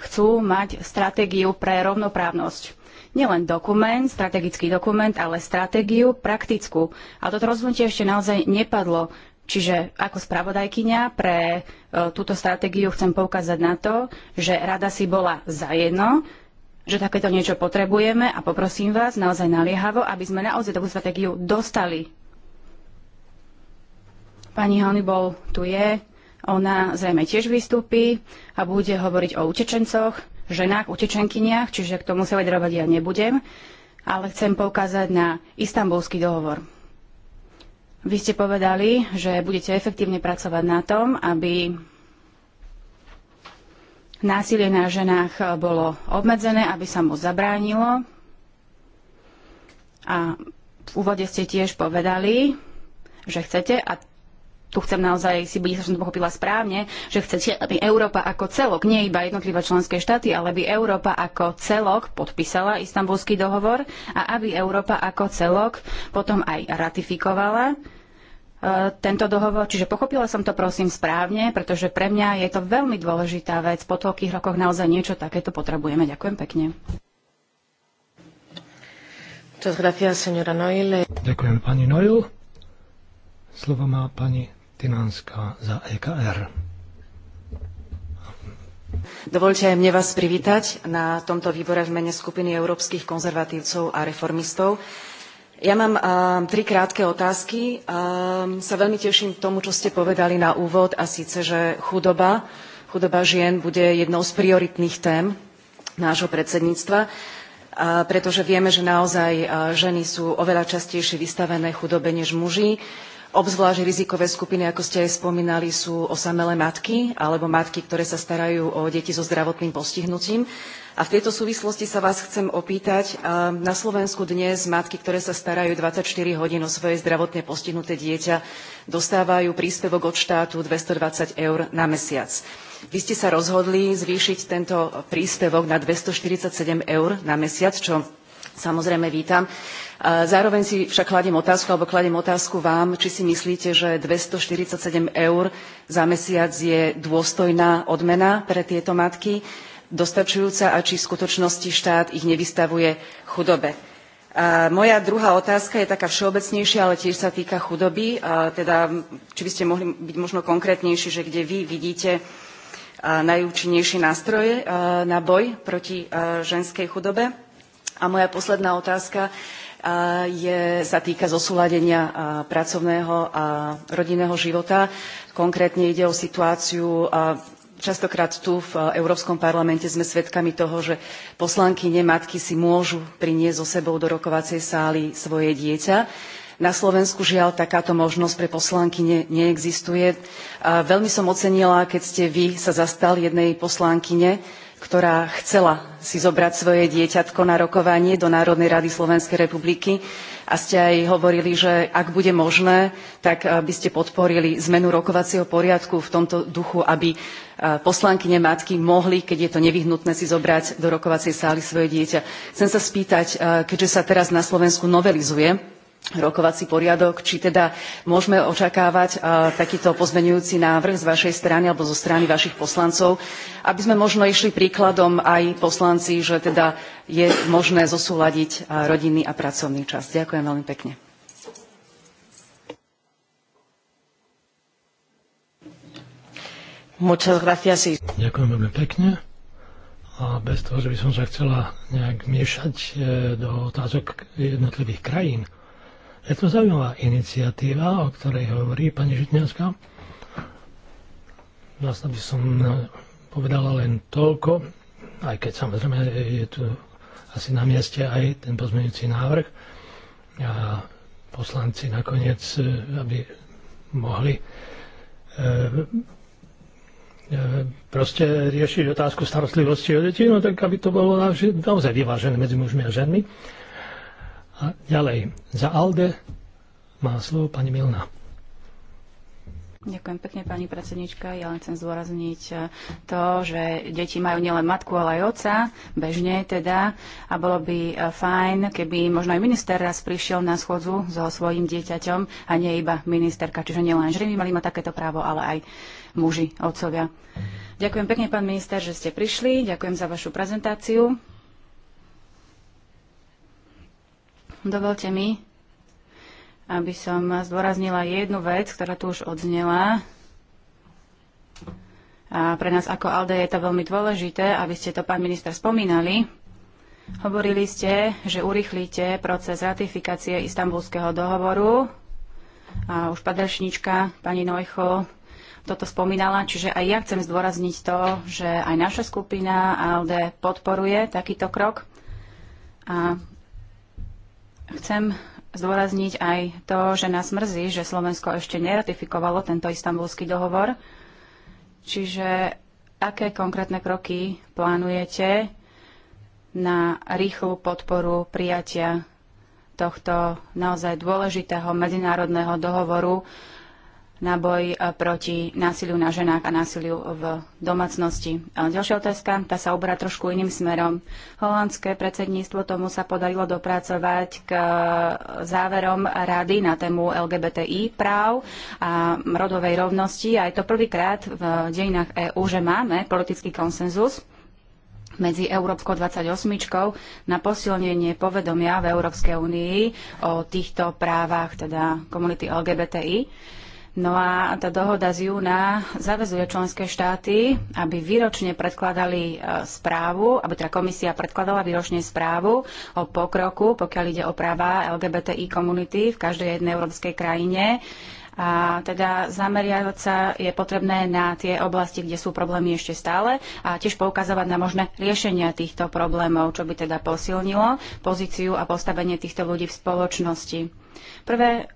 chcú mať stratégiu pre rovnoprávnosť. Nielen dokument, strategický dokument, ale stratégiu praktickú. A toto rozhodnutie ešte naozaj nepadlo. Čiže ako spravodajkyňa pre e, túto stratégiu chcem poukázať na to, že rada si bola za jedno, že takéto niečo potrebujeme a poprosím vás naozaj naliehavo, aby sme naozaj takú stratégiu dostali. Pani Honeyball tu je, ona zrejme tiež vystúpi a bude hovoriť o utečencoch, ženách, utečenkyniach, čiže k tomu sa vedrovať ja nebudem, ale chcem poukázať na istambulský dohovor. Vy ste povedali, že budete efektívne pracovať na tom, aby násilie na ženách bolo obmedzené, aby sa mu zabránilo. A v úvode ste tiež povedali, že chcete, a tu chcem naozaj si byť, som to pochopila správne, že chcete, aby Európa ako celok, nie iba jednotlivé členské štáty, ale aby Európa ako celok podpísala istambulský dohovor a aby Európa ako celok potom aj ratifikovala e, tento dohovor. Čiže pochopila som to prosím správne, pretože pre mňa je to veľmi dôležitá vec. Po toľkých rokoch naozaj niečo takéto potrebujeme. Ďakujem pekne. Ďakujem pani Noil. Slovo má pani Tynánska za EKR. Dovolte aj mne vás privítať na tomto výbore v mene skupiny európskych konzervatívcov a reformistov. Ja mám eh, tri krátke otázky. Eh, sa veľmi teším tomu, čo ste povedali na úvod, a síce, že chudoba, chudoba žien bude jednou z prioritných tém nášho predsedníctva, eh, pretože vieme, že naozaj ženy sú oveľa častejšie vystavené chudobe než muži Obzvlášť rizikové skupiny, ako ste aj spomínali, sú osamelé matky alebo matky, ktoré sa starajú o deti so zdravotným postihnutím. A v tejto súvislosti sa vás chcem opýtať. Na Slovensku dnes matky, ktoré sa starajú 24 hodín o svoje zdravotne postihnuté dieťa, dostávajú príspevok od štátu 220 eur na mesiac. Vy ste sa rozhodli zvýšiť tento príspevok na 247 eur na mesiac, čo samozrejme vítam. Zároveň si však kladiem otázku, alebo kladiem otázku vám, či si myslíte, že 247 eur za mesiac je dôstojná odmena pre tieto matky, dostačujúca a či v skutočnosti štát ich nevystavuje chudobe. A moja druhá otázka je taká všeobecnejšia, ale tiež sa týka chudoby. A teda, či by ste mohli byť možno konkrétnejší, že kde vy vidíte najúčinnejšie nástroje na boj proti ženskej chudobe. A moja posledná otázka je, sa týka zosúladenia pracovného a rodinného života. Konkrétne ide o situáciu Častokrát tu v Európskom parlamente sme svedkami toho, že poslankyne matky si môžu priniesť so sebou do rokovacej sály svoje dieťa. Na Slovensku žiaľ takáto možnosť pre poslankyne neexistuje. A veľmi som ocenila, keď ste vy sa zastali jednej poslankyne, ktorá chcela si zobrať svoje dieťatko na rokovanie do Národnej rady Slovenskej republiky a ste aj hovorili, že ak bude možné, tak eh, by ste podporili zmenu rokovacieho poriadku v tomto duchu, aby eh, poslankyne matky mohli, keď je to nevyhnutné, si zobrať do rokovacej sály svoje dieťa. Chcem sa spýtať, eh, keďže sa teraz na Slovensku novelizuje rokovací poriadok, či teda môžeme očakávať takýto pozmenujúci návrh z vašej strany alebo zo strany vašich poslancov, aby sme možno išli príkladom aj poslanci, že teda je možné zosúladiť rodinný a pracovný čas. Ďakujem veľmi pekne. Ďakujem veľmi pekne. A bez toho, že by som sa chcela nejak miešať e, do otázok jednotlivých krajín, je to zaujímavá iniciatíva, o ktorej hovorí pani Žitňanská. Vlastne by som e, povedala len toľko, aj keď samozrejme je tu asi na mieste aj ten pozmeňujúci návrh. A poslanci nakoniec, e, aby mohli e, proste riešiť otázku starostlivosti o deti, no tak aby to bolo naozaj vyvážené medzi mužmi a ženmi. A ďalej, za ALDE má slovo pani Milna. Ďakujem pekne, pani predsednička. Ja len chcem zdôrazniť eh, to, že deti majú nielen matku, ale aj oca, bežne teda. A bolo by eh, fajn, keby možno aj minister raz prišiel na schodzu so svojím dieťaťom a nie iba ministerka. Čiže nielen ženy mali ma takéto právo, ale aj muži, otcovia. Ďakujem pekne, pán minister, že ste prišli. Ďakujem za vašu prezentáciu. Dovolte mi, aby som zdôraznila jednu vec, ktorá tu už odznela. A pre nás ako ALDE je to veľmi dôležité, aby ste to, pán minister, spomínali. Hovorili ste, že urychlíte proces ratifikácie istambulského dohovoru. A už padršnička pani Nojcho toto spomínala, čiže aj ja chcem zdôrazniť to, že aj naša skupina ALDE podporuje takýto krok. A Chcem zdôrazniť aj to, že nás mrzí, že Slovensko ešte neratifikovalo tento istambulský dohovor. Čiže aké konkrétne kroky plánujete na rýchlu podporu prijatia tohto naozaj dôležitého medzinárodného dohovoru, na boj e, proti násiliu na ženách a násiliu v domácnosti. Ďalšia otázka, tá sa obrá trošku iným smerom. Holandské predsedníctvo tomu sa podarilo dopracovať k e, záverom rady na tému LGBTI práv a rodovej rovnosti. A je to prvýkrát v dejinách EÚ, že máme politický konsenzus medzi Európskou 28 na posilnenie povedomia v Európskej únii o týchto právach, teda komunity LGBTI. No a tá dohoda z júna zavezuje členské štáty, aby výročne predkladali e, správu, aby teda komisia predkladala výročne správu o pokroku, pokiaľ ide o práva LGBTI komunity v každej jednej európskej krajine. A teda zameriavať sa je potrebné na tie oblasti, kde sú problémy ešte stále a tiež poukazovať na možné riešenia týchto problémov, čo by teda posilnilo pozíciu a postavenie týchto ľudí v spoločnosti. Prvé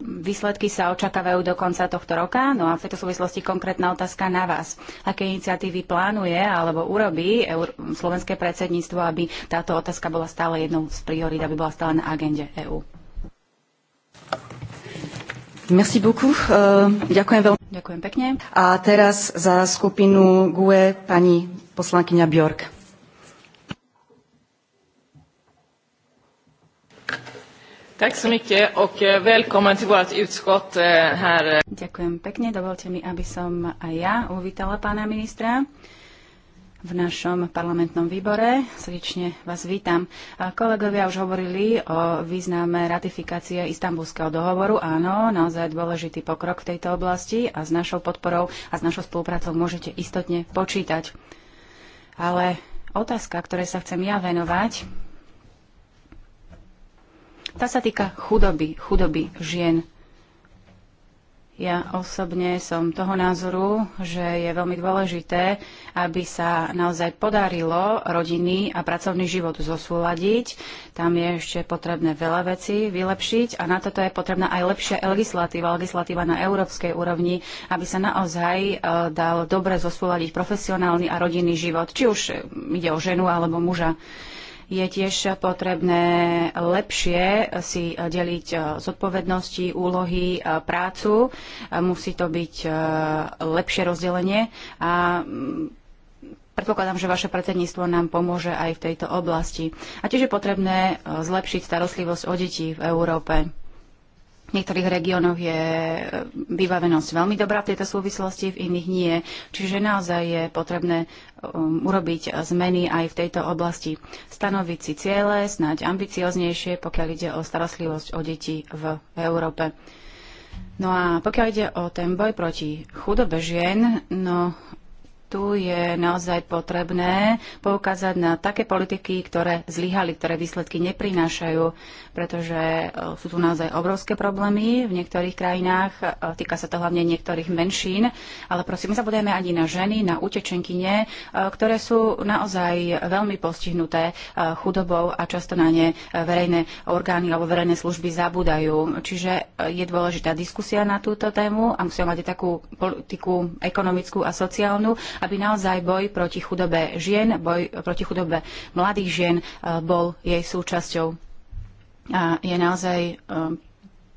Výsledky sa očakávajú do konca tohto roka, no a v tejto súvislosti konkrétna otázka na vás. Aké iniciatívy plánuje alebo urobí slovenské predsedníctvo, aby táto otázka bola stále jednou z priorít, aby bola stále na agende EÚ? Merci beaucoup. Uh, ďakujem veľmi. Ďakujem pekne. A teraz za skupinu GUE pani poslankyňa Bjork. Eh, eh, eh. Ďakujem pekne, dovolte mi, aby som aj ja uvítala pána ministra v našom parlamentnom výbore. Srdečne vás vítam. Kolegovia už hovorili o význame ratifikácie istambulského dohovoru. Áno, naozaj dôležitý pokrok v tejto oblasti a s našou podporou a s našou spoluprácou môžete istotne počítať. Ale otázka, ktorej sa chcem ja venovať, tá sa týka chudoby, chudoby žien. Ja osobne som toho názoru, že je veľmi dôležité, aby sa naozaj podarilo rodiny a pracovný život zosúľadiť. Tam je ešte potrebné veľa vecí vylepšiť a na toto je potrebná aj lepšia legislatíva, legislatíva na európskej úrovni, aby sa naozaj e, dal dobre zosúľadiť profesionálny a rodinný život, či už e, ide o ženu alebo muža je tiež potrebné lepšie si deliť eh, zodpovednosti, úlohy, eh, prácu. Eh, musí to byť lepšie rozdelenie a mm, Predpokladám, že vaše predsedníctvo nám pomôže aj v tejto oblasti. A tiež je potrebné zlepšiť starostlivosť o deti v Európe. V niektorých regiónoch je e, vybavenosť veľmi dobrá v tejto súvislosti, v iných nie. Čiže naozaj je potrebné um, urobiť zmeny aj v tejto oblasti. Stanoviť si ciele, snáď ambicioznejšie, pokiaľ ide o starostlivosť o deti v Európe. No a pokiaľ ide o ten boj proti chudobe žien, no tu je naozaj potrebné poukázať na také politiky, ktoré zlyhali, ktoré výsledky neprinášajú, pretože e, sú tu naozaj obrovské problémy v niektorých krajinách. E, týka sa to hlavne niektorých menšín, ale prosím, sa budeme ani na ženy, na utečenkyne, e, ktoré sú naozaj veľmi postihnuté chudobou a často na ne verejné orgány alebo verejné služby zabúdajú. Čiže je dôležitá diskusia na túto tému a musíme mať takú politiku ekonomickú a sociálnu, aby naozaj boj proti chudobe žien, boj proti chudobe mladých žien eh, bol jej súčasťou. A je naozaj eh,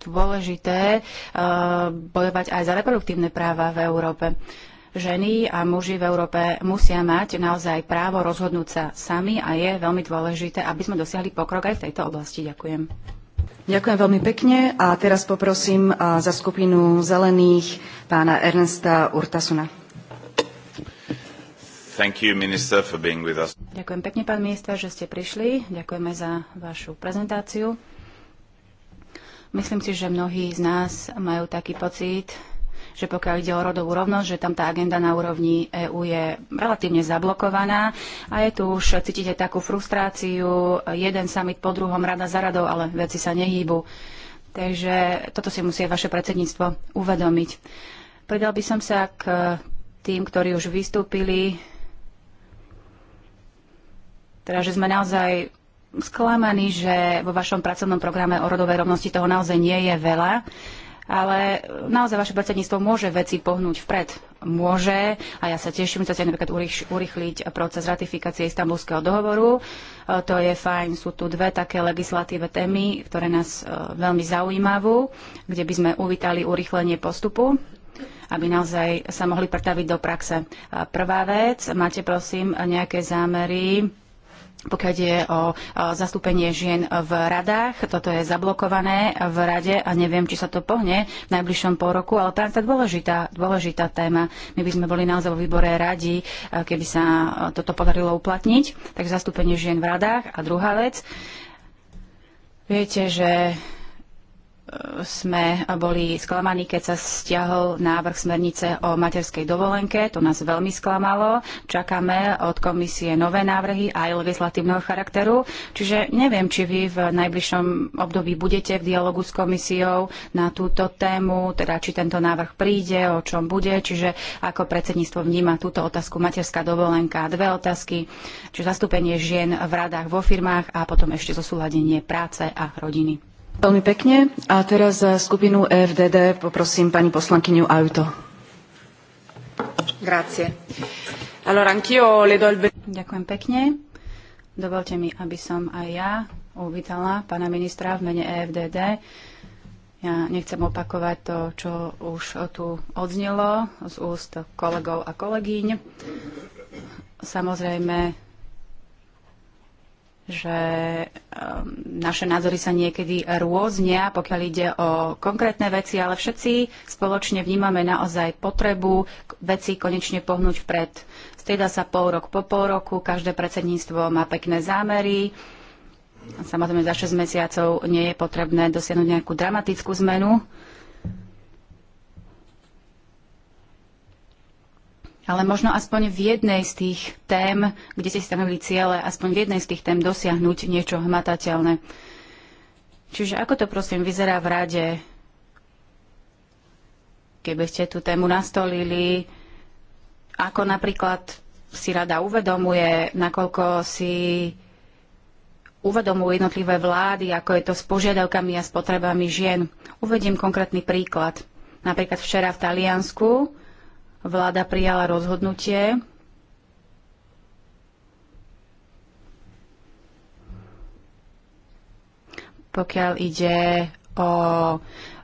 dôležité eh, bojovať aj za reproduktívne práva v Európe ženy a muži v Európe musia mať naozaj právo rozhodnúť sa sami a je veľmi dôležité, aby sme dosiahli pokrok aj v tejto oblasti. Ďakujem. Ďakujem veľmi pekne a teraz poprosím za skupinu zelených pána Ernesta Urtasuna. Thank you, minister, for being with us. Ďakujem pekne, pán minister, že ste prišli. Ďakujeme za vašu prezentáciu. Myslím si, že mnohí z nás majú taký pocit, že pokiaľ ide o rodovú rovnosť, že tam tá agenda na úrovni EÚ je relatívne zablokovaná a je tu už, cítite takú frustráciu, jeden summit po druhom, rada za radou, ale veci sa nehýbu. Takže toto si musí vaše predsedníctvo uvedomiť. Pridal by som sa k tým, ktorí už vystúpili, teda, že sme naozaj sklamaní, že vo vašom pracovnom programe o rodovej rovnosti toho naozaj nie je veľa ale naozaj vaše predsedníctvo môže veci pohnúť vpred. Môže a ja sa teším, že chcete napríklad urychliť proces ratifikácie istambulského dohovoru. E, to je fajn, sú tu dve také legislatíve témy, ktoré nás e, veľmi zaujímavú, kde by sme uvítali urychlenie postupu aby naozaj sa mohli pretaviť do praxe. E, prvá vec, máte prosím nejaké zámery pokiaľ ide o e, zastúpenie žien v radách. Toto je zablokované v rade a neviem, či sa to pohne v najbližšom pol roku, ale tá, tá dôležitá, dôležitá téma. My by sme boli naozaj vo výbore radi, e, keby sa e, toto podarilo uplatniť. Takže zastúpenie žien v radách. A druhá vec, viete, že sme boli sklamaní, keď sa stiahol návrh smernice o materskej dovolenke. To nás veľmi sklamalo. Čakáme od komisie nové návrhy aj legislatívneho charakteru. Čiže neviem, či vy v najbližšom období budete v dialogu s komisiou na túto tému, teda či tento návrh príde, o čom bude, čiže ako predsedníctvo vníma túto otázku materská dovolenka. Dve otázky, čiže zastúpenie žien v radách, vo firmách a potom ešte zosúladenie práce a rodiny. Veľmi pekne. A teraz za skupinu EFDD poprosím pani poslankyňu Auto. Grazie. Allora, anch'io le do il... Ďakujem pekne. Dovolte mi, aby som aj ja uvítala pána ministra v mene EFDD. Ja nechcem opakovať to, čo už tu odznelo z úst kolegov a kolegyň. Samozrejme, že ehm, naše názory sa niekedy rôznia, pokiaľ ide o konkrétne veci, ale všetci spoločne vnímame naozaj potrebu veci konečne pohnúť vpred. Strieda sa pol rok po pol roku, každé predsedníctvo má pekné zámery. Samozrejme, za 6 mesiacov nie je potrebné dosiahnuť nejakú dramatickú zmenu, ale možno aspoň v jednej z tých tém, kde ste stanovili ciele, aspoň v jednej z tých tém dosiahnuť niečo hmatateľné. Čiže ako to prosím vyzerá v rade, keby ste tú tému nastolili, ako napríklad si rada uvedomuje, nakoľko si uvedomujú jednotlivé vlády, ako je to s požiadavkami a s potrebami žien. Uvedím konkrétny príklad. Napríklad včera v Taliansku Vláda prijala rozhodnutie, pokiaľ ide o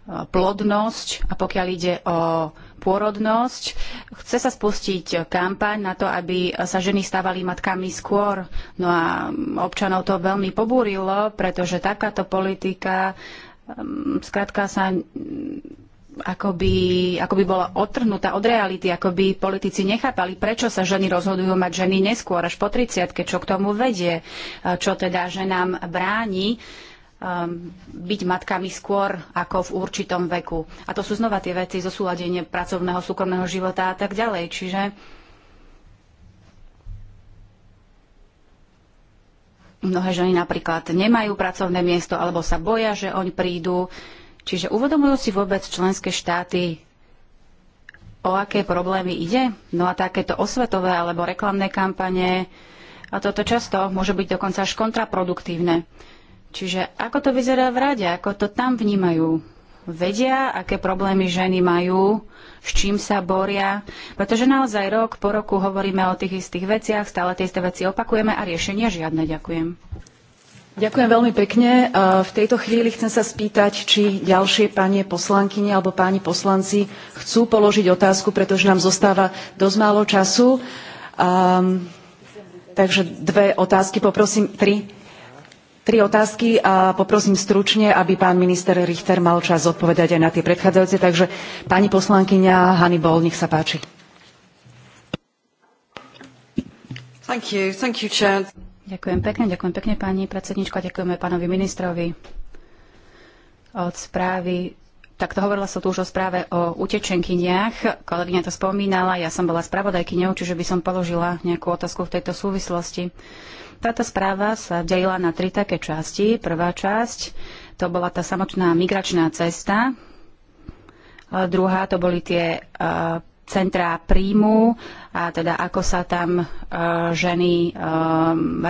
plodnosť a pokiaľ ide o pôrodnosť. Chce sa spustiť kampaň na to, aby sa ženy stávali matkami skôr. No a občanov to veľmi pobúrilo, pretože takáto politika mm, skrátka sa ako by, ako by bola otrhnutá od reality, ako by politici nechápali, prečo sa ženy rozhodujú mať ženy neskôr, až po 30 čo k tomu vedie, čo teda ženám bráni um, byť matkami skôr ako v určitom veku. A to sú znova tie veci zo súladenie pracovného, súkromného života a tak ďalej. Čiže mnohé ženy napríklad nemajú pracovné miesto alebo sa boja, že oň prídu. Uh, Čiže uvedomujú si vôbec členské štáty, o aké problémy ide? No a takéto osvetové alebo reklamné kampane, a toto často môže byť dokonca až kontraproduktívne. Čiže ako to vyzerá v rade, ako to tam vnímajú? Vedia, aké problémy ženy majú, s čím sa boria, pretože naozaj rok po roku hovoríme o tých istých veciach, stále tie isté veci opakujeme a riešenia žiadne. Ďakujem. Ďakujem veľmi pekne. V tejto chvíli chcem sa spýtať, či ďalšie pani poslankyne alebo páni poslanci chcú položiť otázku, pretože nám zostáva dosť málo času. Um, takže dve otázky, poprosím, tri. Tri otázky a poprosím stručne, aby pán minister Richter mal čas odpovedať aj na tie predchádzajúce. Takže pani poslankyňa Bol, nech sa páči. Thank you. Thank you, Ďakujem pekne, ďakujem pekne pani predsednička, ďakujeme pánovi ministrovi od správy. Takto hovorila sa tu už o správe o utečenkyniach. Kolegyňa to spomínala, ja som bola spravodajkyňou, čiže by som položila nejakú otázku v tejto súvislosti. Táto správa sa delila na tri také časti. Prvá časť to bola tá samotná migračná cesta, a druhá to boli tie uh, centrá príjmu a teda ako sa tam e, ženy e,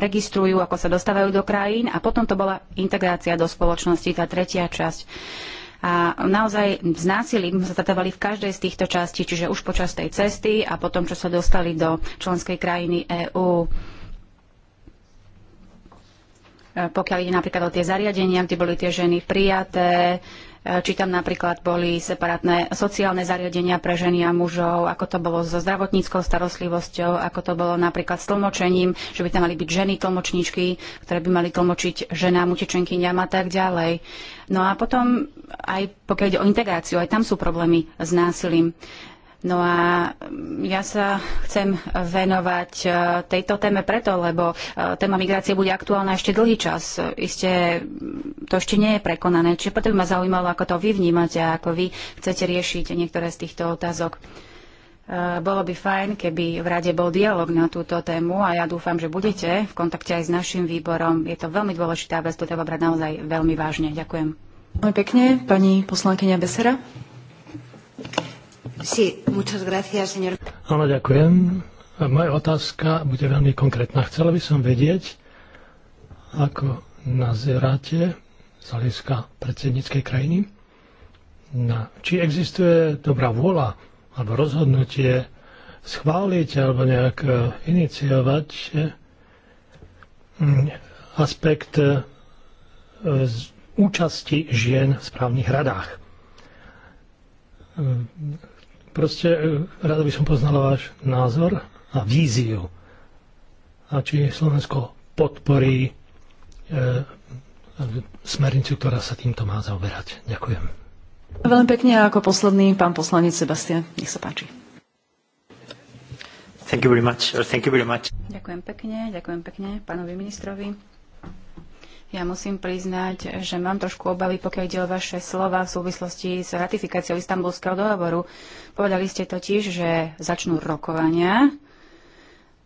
registrujú, ako sa dostávajú do krajín a potom to bola integrácia do spoločnosti, tá tretia časť. A naozaj s násilím sa zatávali v každej z týchto častí, čiže už počas tej cesty a potom, čo sa dostali do členskej krajiny EÚ. E, pokiaľ ide napríklad o tie zariadenia, kde boli tie ženy prijaté, E, či tam napríklad boli separátne sociálne zariadenia pre ženy a mužov, ako to bolo so zdravotníckou starostlivosťou, ako to bolo napríklad s tlmočením, že by tam mali byť ženy tlmočníčky, ktoré by mali tlmočiť ženám, utečenkyňam a tak ďalej. No a potom aj pokiaľ ide o integráciu, aj tam sú problémy s násilím. No a ja sa chcem venovať e, tejto téme preto, lebo e, téma migrácie bude aktuálna ešte dlhý čas. Isté mm, to ešte nie je prekonané. Čiže preto by ma zaujímalo, ako to vy vnímate a ako vy chcete riešiť niektoré z týchto otázok. E, bolo by fajn, keby v rade bol dialog na túto tému a ja dúfam, že budete v kontakte aj s našim výborom. Je to veľmi dôležitá vec, to treba brať naozaj veľmi vážne. Ďakujem. Veľmi pekne, pani poslankyňa Besera. Sí, muchas gracias, señor. Áno, ďakujem. Moja otázka bude veľmi konkrétna. Chcela by som vedieť, ako nazeráte z hľadiska predsedníckej krajiny, na, či existuje dobrá vôľa alebo rozhodnutie schváliť alebo nejak e, iniciovať e, aspekt e, z účasti žien v správnych radách. Proste e, rád by som poznala váš názor a víziu. A či Slovensko podporí e, smernicu, ktorá sa týmto má zaoberať. Ďakujem. Veľmi pekne a ako posledný pán poslanec Sebastian. Nech sa páči. Thank you very much. thank you very much. Ďakujem pekne, ďakujem pekne pánovi ministrovi. Ja musím priznať, že mám trošku obavy, pokiaľ ide o vaše slova v súvislosti s ratifikáciou istambulského dohovoru. Povedali ste totiž, že začnú rokovania.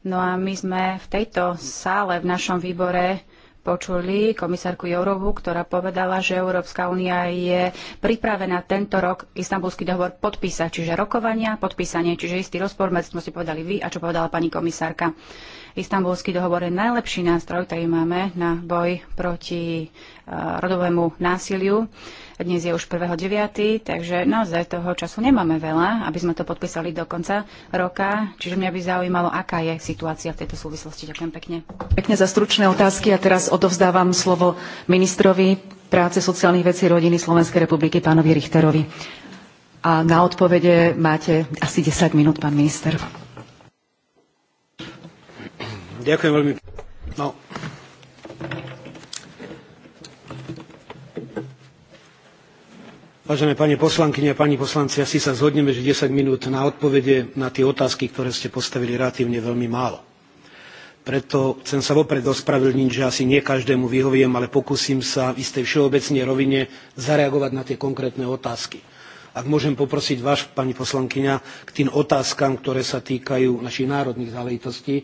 No a my sme v tejto sále v našom výbore počuli komisárku Jourovu, ktorá povedala, že Európska únia je pripravená tento rok istambulský dohovor podpísať, čiže rokovania, podpísanie, čiže istý rozpor medzi tým, si povedali vy a čo povedala pani komisárka. Istanbulský dohovor je najlepší nástroj, ktorý máme na boj proti eh, rodovému násiliu. Dnes je už 1.9., takže naozaj toho času nemáme veľa, aby sme to podpísali do konca roka. Čiže mňa by zaujímalo, aká je situácia v tejto súvislosti. Ďakujem pekne. Pekne za stručné otázky a teraz odovzdávam slovo ministrovi práce sociálnych vecí rodiny Slovenskej republiky pánovi Richterovi. A na odpovede máte asi 10 minút, pán minister. Ďakujem veľmi. No. Vážené pani poslankyne a pani poslanci, asi sa zhodneme, že 10 minút na odpovede na tie otázky, ktoré ste postavili, relatívne veľmi málo. Preto chcem sa vopred ospravedlniť, že asi nie každému vyhoviem, ale pokúsim sa v istej všeobecnej rovine zareagovať na tie konkrétne otázky. Ak môžem poprosiť vás, pani poslankyňa, k tým otázkam, ktoré sa týkajú našich národných záležitostí,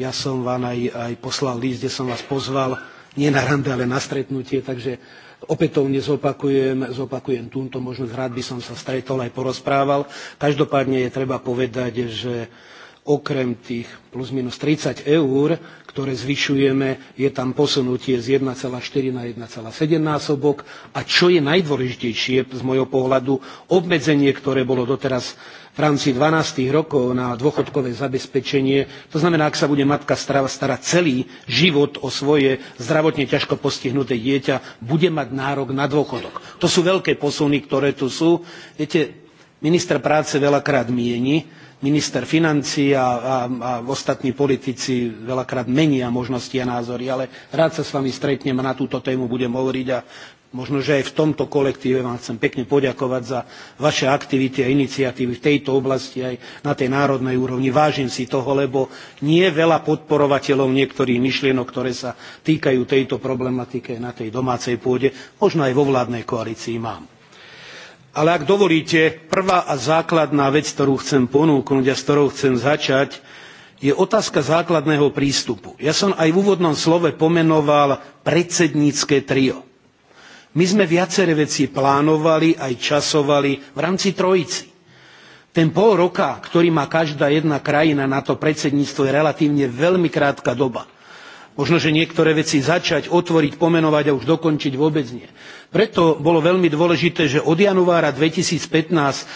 ja som vám aj, aj poslal list, kde som vás pozval, nie na rande, ale na stretnutie, takže opätovne zopakujem, zopakujem túto možnosť, rád by som sa stretol aj porozprával. Každopádne je treba povedať, že okrem tých plus minus 30 eur, ktoré zvyšujeme, je tam posunutie z 1,4 na 1,7 násobok. A čo je najdôležitejšie z môjho pohľadu, obmedzenie, ktoré bolo doteraz v rámci 12 rokov na dôchodkové zabezpečenie. To znamená, ak sa bude matka starať celý život o svoje zdravotne ťažko postihnuté dieťa, bude mať nárok na dôchodok. To sú veľké posuny, ktoré tu sú. Viete, minister práce veľakrát mieni, minister financií a, a, a ostatní politici veľakrát menia možnosti a názory, ale rád sa s vami stretnem a na túto tému budem hovoriť a možno, že aj v tomto kolektíve vám chcem pekne poďakovať za vaše aktivity a iniciatívy v tejto oblasti aj na tej národnej úrovni. Vážim si toho, lebo nie je veľa podporovateľov niektorých myšlienok, ktoré sa týkajú tejto problematiky na tej domácej pôde, možno aj vo vládnej koalícii mám. Ale ak dovolíte, prvá a základná vec, ktorú chcem ponúknuť a s ktorou chcem začať, je otázka základného prístupu. Ja som aj v úvodnom slove pomenoval predsednícke trio. My sme viaceré veci plánovali, aj časovali v rámci trojici. Ten pol roka, ktorý má každá jedna krajina na to predsedníctvo, je relatívne veľmi krátka doba. Možno, že niektoré veci začať, otvoriť, pomenovať a už dokončiť vôbec nie. Preto bolo veľmi dôležité, že od januára 2015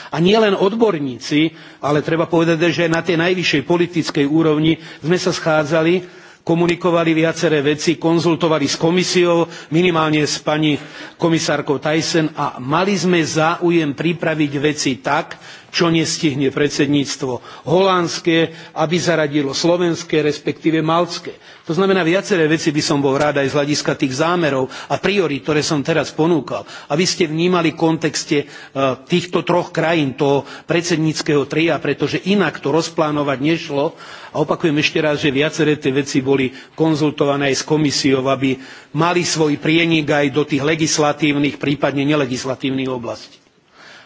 a nielen odborníci, ale treba povedať, že na tej najvyššej politickej úrovni sme sa schádzali komunikovali viaceré veci, konzultovali s komisiou, minimálne s pani komisárkou Thyssen a mali sme záujem pripraviť veci tak, čo nestihne predsedníctvo holandské, aby zaradilo slovenské, respektíve maltské. To znamená, viaceré veci by som bol rád aj z hľadiska tých zámerov a priorít, ktoré som teraz ponúkal, aby ste vnímali v kontexte e, týchto troch krajín toho predsedníckého tria, pretože inak to rozplánovať nešlo. A opakujem ešte raz, že viaceré tie veci boli konzultované aj s komisiou, aby mali svoj prienik aj do tých legislatívnych, prípadne nelegislatívnych oblastí.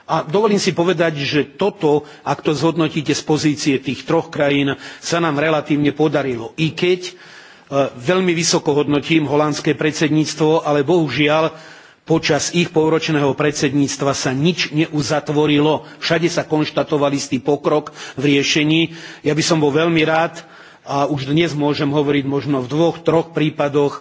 A dovolím si povedať, že toto, ak to zhodnotíte z pozície tých troch krajín, sa nám relatívne podarilo. I keď e, veľmi vysoko hodnotím holandské predsedníctvo, ale bohužiaľ počas ich polročného predsedníctva sa nič neuzatvorilo. Všade sa konštatoval istý pokrok v riešení. Ja by som bol veľmi rád, a už dnes môžem hovoriť možno v dvoch, troch prípadoch, e,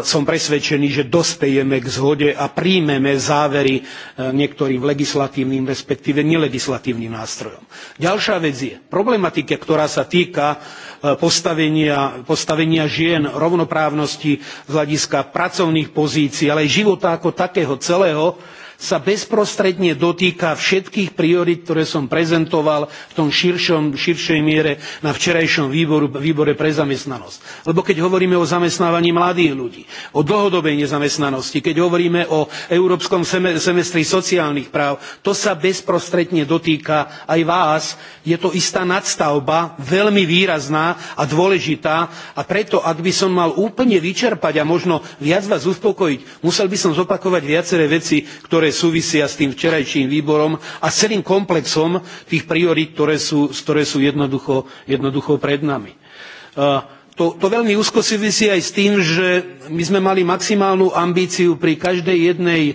som presvedčený, že dospejeme k zhode a príjmeme závery e, niektorým legislatívnym, respektíve nelegislatívnym nástrojom. Ďalšia vec je problematika, ktorá sa týka e, postavenia, postavenia žien, rovnoprávnosti z hľadiska pracovných pozícií, ale aj života ako takého celého, sa bezprostredne dotýka všetkých priorít, ktoré som prezentoval v tom širšom, širšej miere na včerajšom výboru, výbore pre zamestnanosť. Lebo keď hovoríme o zamestnávaní mladých ľudí, o dlhodobej nezamestnanosti, keď hovoríme o európskom semestri sociálnych práv, to sa bezprostredne dotýka aj vás. Je to istá nadstavba, veľmi výrazná a dôležitá a preto, ak by som mal úplne vyčerpať a možno viac vás uspokojiť, musel by som zopakovať viaceré veci, ktoré ktoré súvisia s tým včerajším výborom a s celým komplexom tých priorít, ktoré sú, ktoré sú jednoducho, jednoducho, pred nami. E, to, to, veľmi úzko súvisí aj s tým, že my sme mali maximálnu ambíciu pri každej jednej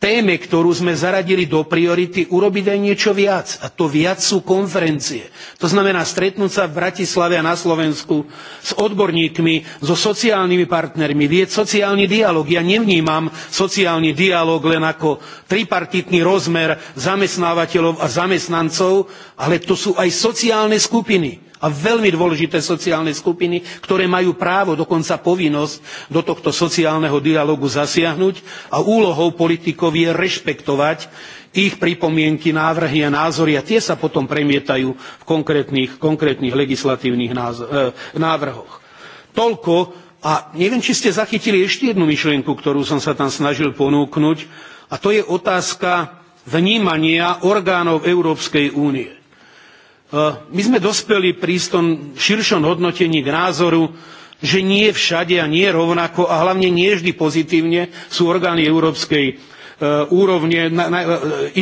téme, ktorú sme zaradili do priority, urobiť aj niečo viac. A to viac sú konferencie. To znamená stretnúť sa v Bratislave a na Slovensku s odborníkmi, so sociálnymi partnermi, vieť sociálny dialog. Ja nevnímam sociálny dialog len ako tripartitný rozmer zamestnávateľov a zamestnancov, ale to sú aj sociálne skupiny a veľmi dôležité sociálne skupiny, ktoré majú právo, dokonca povinnosť do tohto sociálneho dialógu zasiahnuť a úlohou politikov je rešpektovať ich pripomienky, návrhy a názory a tie sa potom premietajú v konkrétnych, konkrétnych legislatívnych e, návrhoch. Toľko a neviem, či ste zachytili ešte jednu myšlienku, ktorú som sa tam snažil ponúknuť a to je otázka vnímania orgánov Európskej únie. Eh, my sme dospeli pri istom širšom hodnotení k názoru, že nie všade a nie rovnako a hlavne nie vždy pozitívne sú orgány európskej eh, úrovne, eh,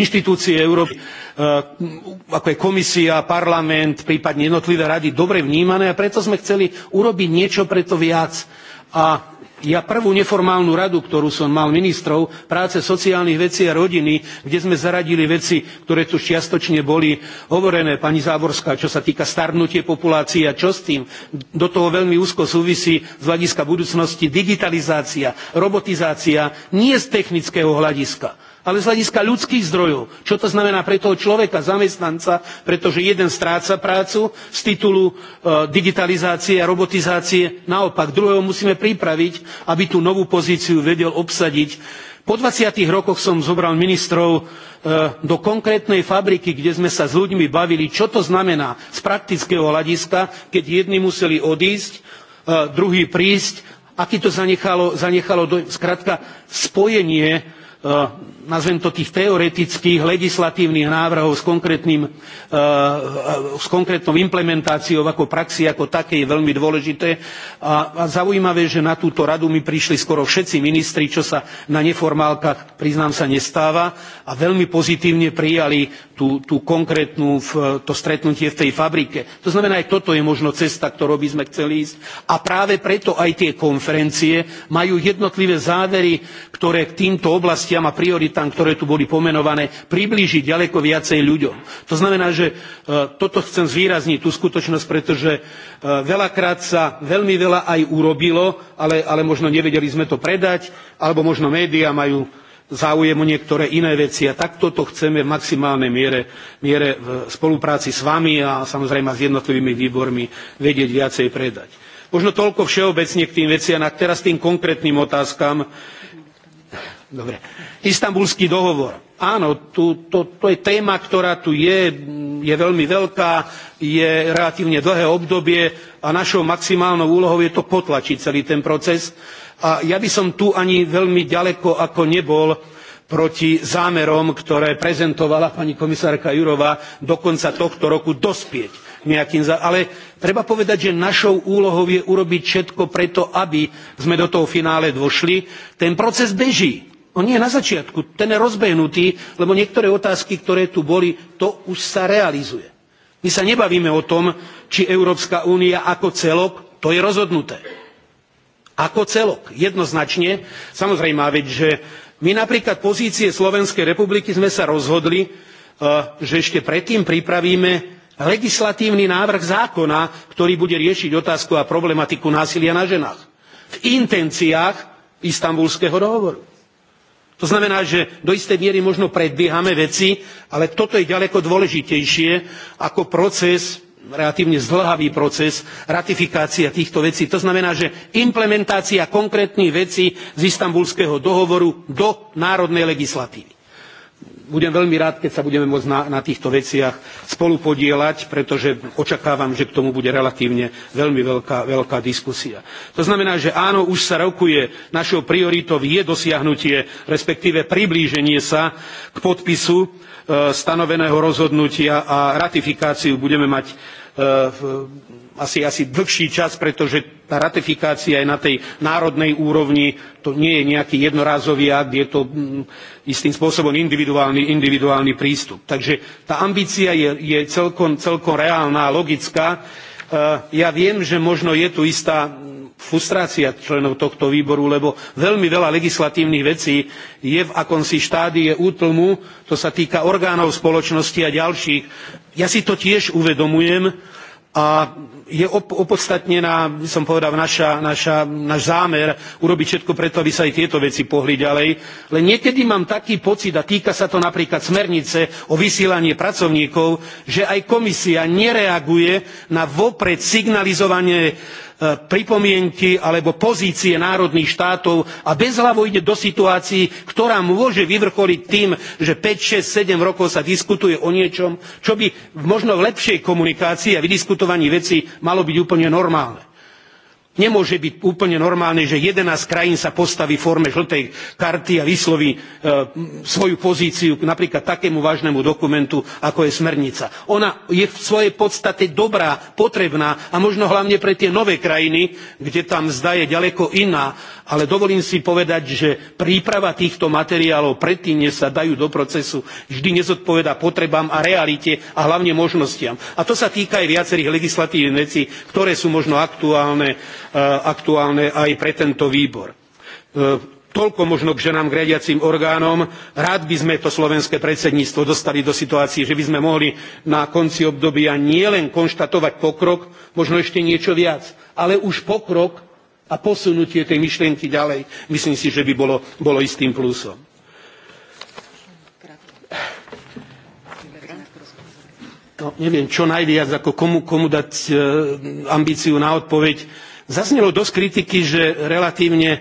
inštitúcie Európy, ako je komisia, parlament, prípadne jednotlivé rady, dobre vnímané a preto sme chceli urobiť niečo preto viac. A ja prvú neformálnu radu, ktorú som mal ministrov práce sociálnych vecí a rodiny, kde sme zaradili veci, ktoré tu čiastočne boli hovorené, pani Záborská, čo sa týka starnutie populácie a čo s tým, do toho veľmi úzko súvisí z hľadiska budúcnosti digitalizácia, robotizácia, nie z technického hľadiska ale z hľadiska ľudských zdrojov. Čo to znamená pre toho človeka, zamestnanca, pretože jeden stráca prácu z titulu e, digitalizácie a robotizácie, naopak druhého musíme pripraviť, aby tú novú pozíciu vedel obsadiť. Po 20 rokoch som zobral ministrov e, do konkrétnej fabriky, kde sme sa s ľuďmi bavili, čo to znamená z praktického hľadiska, keď jedni museli odísť, e, druhí prísť, aký to zanechalo, zanechalo do, spojenie E, nazvem to tých teoretických legislatívnych návrhov s, e, e, s konkrétnou implementáciou ako praxi ako takej veľmi dôležité. A, a zaujímavé, že na túto radu mi prišli skoro všetci ministri, čo sa na neformálkach, priznám sa, nestáva a veľmi pozitívne prijali tú, tú konkrétnu, v, to stretnutie v tej fabrike. To znamená, aj toto je možno cesta, ktorou by sme chceli ísť. A práve preto aj tie konferencie majú jednotlivé závery, ktoré k týmto oblastiam oblastiam a prioritám, ktoré tu boli pomenované, priblížiť ďaleko viacej ľuďom. To znamená, že e, toto chcem zvýrazniť, tú skutočnosť, pretože e, veľakrát sa veľmi veľa aj urobilo, ale, ale možno nevedeli sme to predať, alebo možno médiá majú záujem o niektoré iné veci a tak toto chceme v maximálnej miere, miere v spolupráci s vami a samozrejme s jednotlivými výbormi vedieť viacej predať. Možno toľko všeobecne k tým veciam a teraz tým konkrétnym otázkam, Dobre. Istanbulský dohovor. Áno, tu, to, to je téma, ktorá tu je, je veľmi veľká, je relatívne dlhé obdobie a našou maximálnou úlohou je to potlačiť celý ten proces. A ja by som tu ani veľmi ďaleko ako nebol proti zámerom, ktoré prezentovala pani komisárka Jurová do konca tohto roku dospieť nejakým... Ale treba povedať, že našou úlohou je urobiť všetko preto, aby sme do toho finále došli. Ten proces beží. No nie na začiatku, ten je rozbehnutý, lebo niektoré otázky, ktoré tu boli, to už sa realizuje. My sa nebavíme o tom, či Európska únia ako celok, to je rozhodnuté. Ako celok, jednoznačne. Samozrejme, veď, že my napríklad pozície Slovenskej republiky sme sa rozhodli, eh, že ešte predtým pripravíme legislatívny návrh zákona, ktorý bude riešiť otázku a problematiku násilia na ženách. V intenciách istambulského dohovoru to znamená že do istej miery možno predbiehame veci ale toto je ďaleko dôležitejšie ako proces relatívne zdĺhavý proces ratifikácia týchto vecí. To znamená, že implementácia konkrétnych vecí z Istanbulského dohovoru do národnej legislatívy budem veľmi rád, keď sa budeme môcť na, na týchto veciach spolupodieľať, pretože očakávam, že k tomu bude relatívne veľmi veľká, veľká diskusia. To znamená, že áno, už sa rokuje, našou prioritou je dosiahnutie, respektíve priblíženie sa k podpisu e, stanoveného rozhodnutia a ratifikáciu budeme mať E, asi, asi dlhší čas, pretože tá ratifikácia je na tej národnej úrovni, to nie je nejaký jednorázový akt, je to mm, istým spôsobom individuálny, individuálny prístup. Takže tá ambícia je, je celkom, celkom reálna a logická. E, ja viem, že možno je tu istá frustrácia členov tohto výboru, lebo veľmi veľa legislatívnych vecí je v akomsi štádie útlmu, to sa týka orgánov spoločnosti a ďalších. Ja si to tiež uvedomujem a je opodstatnená, by som povedal, naša, naša, náš zámer urobiť všetko preto, aby sa aj tieto veci pohli ďalej. Len niekedy mám taký pocit, a týka sa to napríklad smernice o vysielanie pracovníkov, že aj komisia nereaguje na vopred signalizovanie E, pripomienky alebo pozície národných štátov a bezhlavo ide do situácií, ktorá môže vyvrcholiť tým, že 5, 6, 7 rokov sa diskutuje o niečom, čo by možno v lepšej komunikácii a vydiskutovaní veci malo byť úplne normálne. Nemôže byť úplne normálne, že 11 krajín sa postaví v forme žltej karty a vysloví e, svoju pozíciu napríklad takému vážnemu dokumentu, ako je smernica. Ona je v svojej podstate dobrá, potrebná a možno hlavne pre tie nové krajiny, kde tá mzda je ďaleko iná, ale dovolím si povedať, že príprava týchto materiálov predtým, než sa dajú do procesu, vždy nezodpovedá potrebám a realite a hlavne možnostiam. A to sa týka aj viacerých legislatívnych vecí, ktoré sú možno aktuálne Eh, aktuálne aj pre tento výbor. Eh, toľko možno k ženám k riadiacim orgánom. Rád by sme to slovenské predsedníctvo dostali do situácií, že by sme mohli na konci obdobia nielen konštatovať pokrok, možno ešte niečo viac, ale už pokrok a posunutie tej myšlienky ďalej, myslím si, že by bolo, bolo istým plusom. No, neviem, čo najviac, ako komu, komu dať eh, ambíciu na odpoveď Zaznelo dosť kritiky, že relatívne e,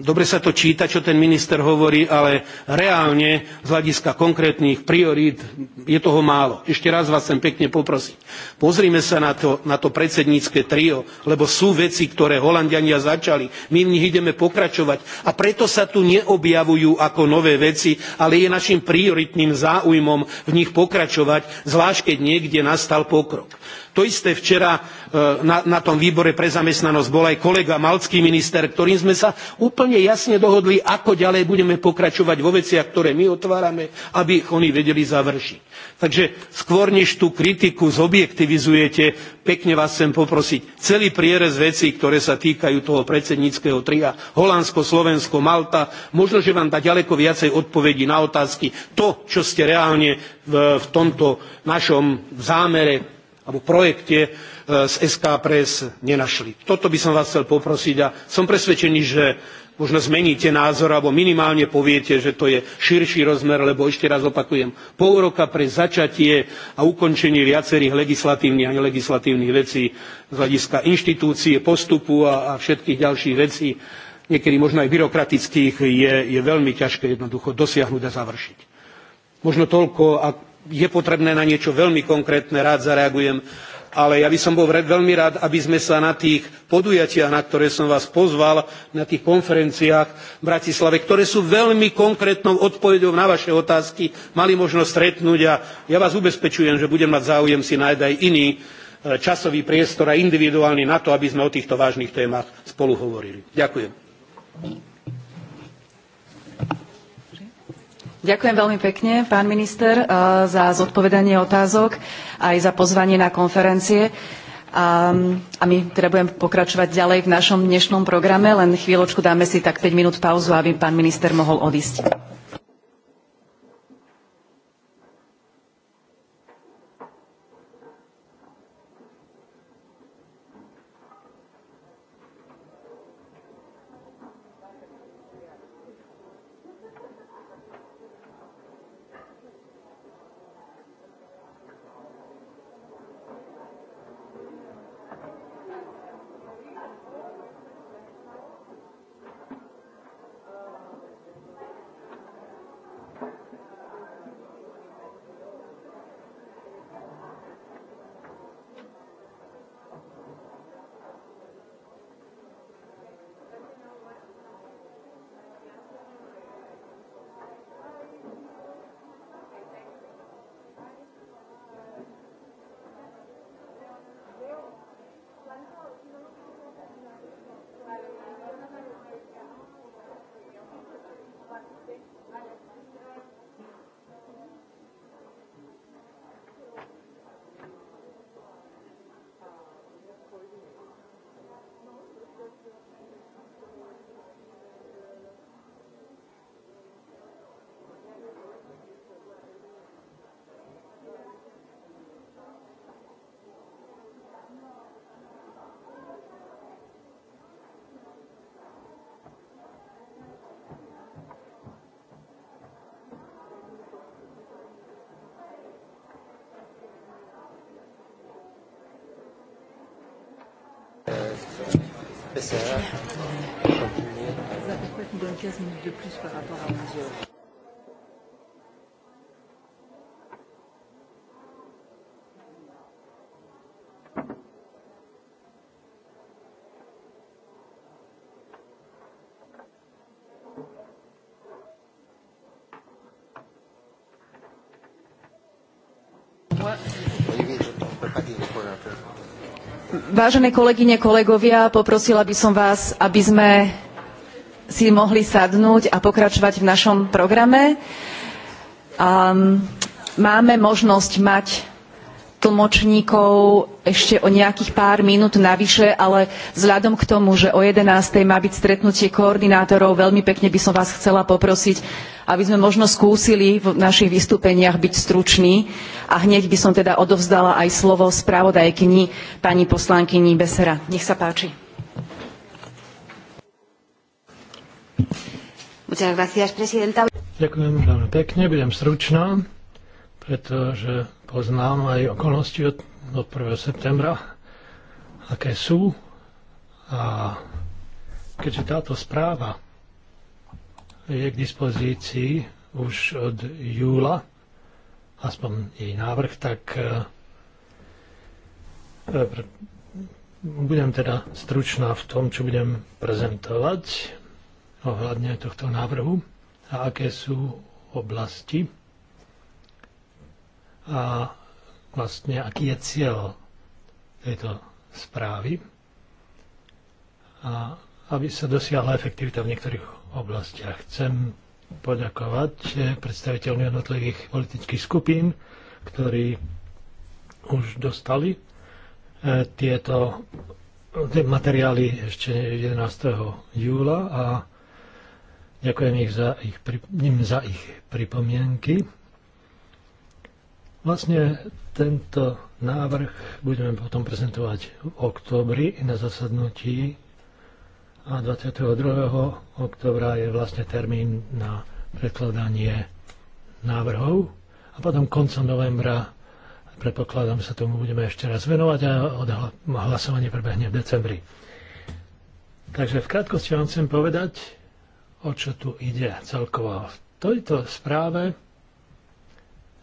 dobre sa to číta, čo ten minister hovorí, ale reálne z hľadiska konkrétnych priorít je toho málo. Ešte raz vás chcem pekne poprosiť. Pozrime sa na to, na to predsednícke trio, lebo sú veci, ktoré Holandiania začali. My v nich ideme pokračovať. A preto sa tu neobjavujú ako nové veci, ale je našim prioritným záujmom v nich pokračovať, zvlášť keď niekde nastal pokrok. To isté včera e, na, na tom výbore pre zamestnanosť bol aj kolega malcký minister, ktorým sme sa úplne jasne dohodli, ako ďalej budeme pokračovať vo veciach, ktoré my otvárame, aby ich oni vedeli završiť. Takže skôr než tú kritiku zobjektivizujete, pekne vás chcem poprosiť, celý prierez vecí, ktoré sa týkajú toho predsedníckého tria, Holandsko, Slovensko, Malta, možno, že vám dá ďaleko viacej odpovedí na otázky, to, čo ste reálne v, v tomto našom zámere alebo projekte e, z SK Press nenašli. Toto by som vás chcel poprosiť a som presvedčený, že možno zmeníte názor alebo minimálne poviete, že to je širší rozmer, lebo ešte raz opakujem, pol roka pre začatie a ukončenie viacerých legislatívnych a nelegislatívnych vecí z hľadiska inštitúcie, postupu a, a všetkých ďalších vecí, niekedy možno aj byrokratických, je, je veľmi ťažké jednoducho dosiahnuť a završiť. Možno toľko, ak je potrebné na niečo veľmi konkrétne, rád zareagujem. Ale ja by som bol veľmi rád, aby sme sa na tých podujatiach, na ktoré som vás pozval, na tých konferenciách v Bratislave, ktoré sú veľmi konkrétnou odpoveďou na vaše otázky, mali možnosť stretnúť a ja vás ubezpečujem, že budem mať záujem si nájsť aj iný e, časový priestor a individuálny na to, aby sme o týchto vážnych témach spolu hovorili. Ďakujem. Ďakujem veľmi pekne, pán minister, eh, za zodpovedanie otázok aj za pozvanie na konferencie. A, a my teda budeme pokračovať ďalej v našom dnešnom programe, len chvíľočku dáme si tak 5 minút pauzu, aby pán minister mohol odísť. Besser. Continuer. On a peut-être dans 15 minutes de plus par rapport à 11 heures. Vážené kolegyne, kolegovia, poprosila by som vás, aby sme si mohli sadnúť a pokračovať v našom programe. Um, máme možnosť mať tlmočníkov ešte o nejakých pár minút navyše, ale vzhľadom k tomu, že o 11.00 má byť stretnutie koordinátorov, veľmi pekne by som vás chcela poprosiť, aby sme možno skúsili v našich vystúpeniach byť struční. A hneď by som teda odovzdala aj slovo spravodajkyni pani poslankyni Besera. Nech sa páči. Ďakujem veľmi pekne, budem stručná, pretože poznám aj okolnosti od, od 1. septembra, aké sú. A keďže táto správa je k dispozícii už od júla, aspoň jej návrh, tak e, e, budem teda stručná v tom, čo budem prezentovať ohľadne tohto návrhu a aké sú oblasti a vlastne aký je cieľ tejto správy a aby sa dosiahla efektivita v niektorých oblastiach. Chcem poďakovať predstaviteľom jednotlivých politických skupín, ktorí už dostali e, tieto materiály ešte 11. júla a ďakujem ich za ich, im za ich pripomienky. Vlastne tento návrh budeme potom prezentovať v oktobri na zasadnutí a 22. oktobra je vlastne termín na prekladanie návrhov a potom koncom novembra predpokladám sa tomu budeme ešte raz venovať a hlasovanie prebehne v decembri. Takže v krátkosti vám chcem povedať, o čo tu ide celkovo. V tejto správe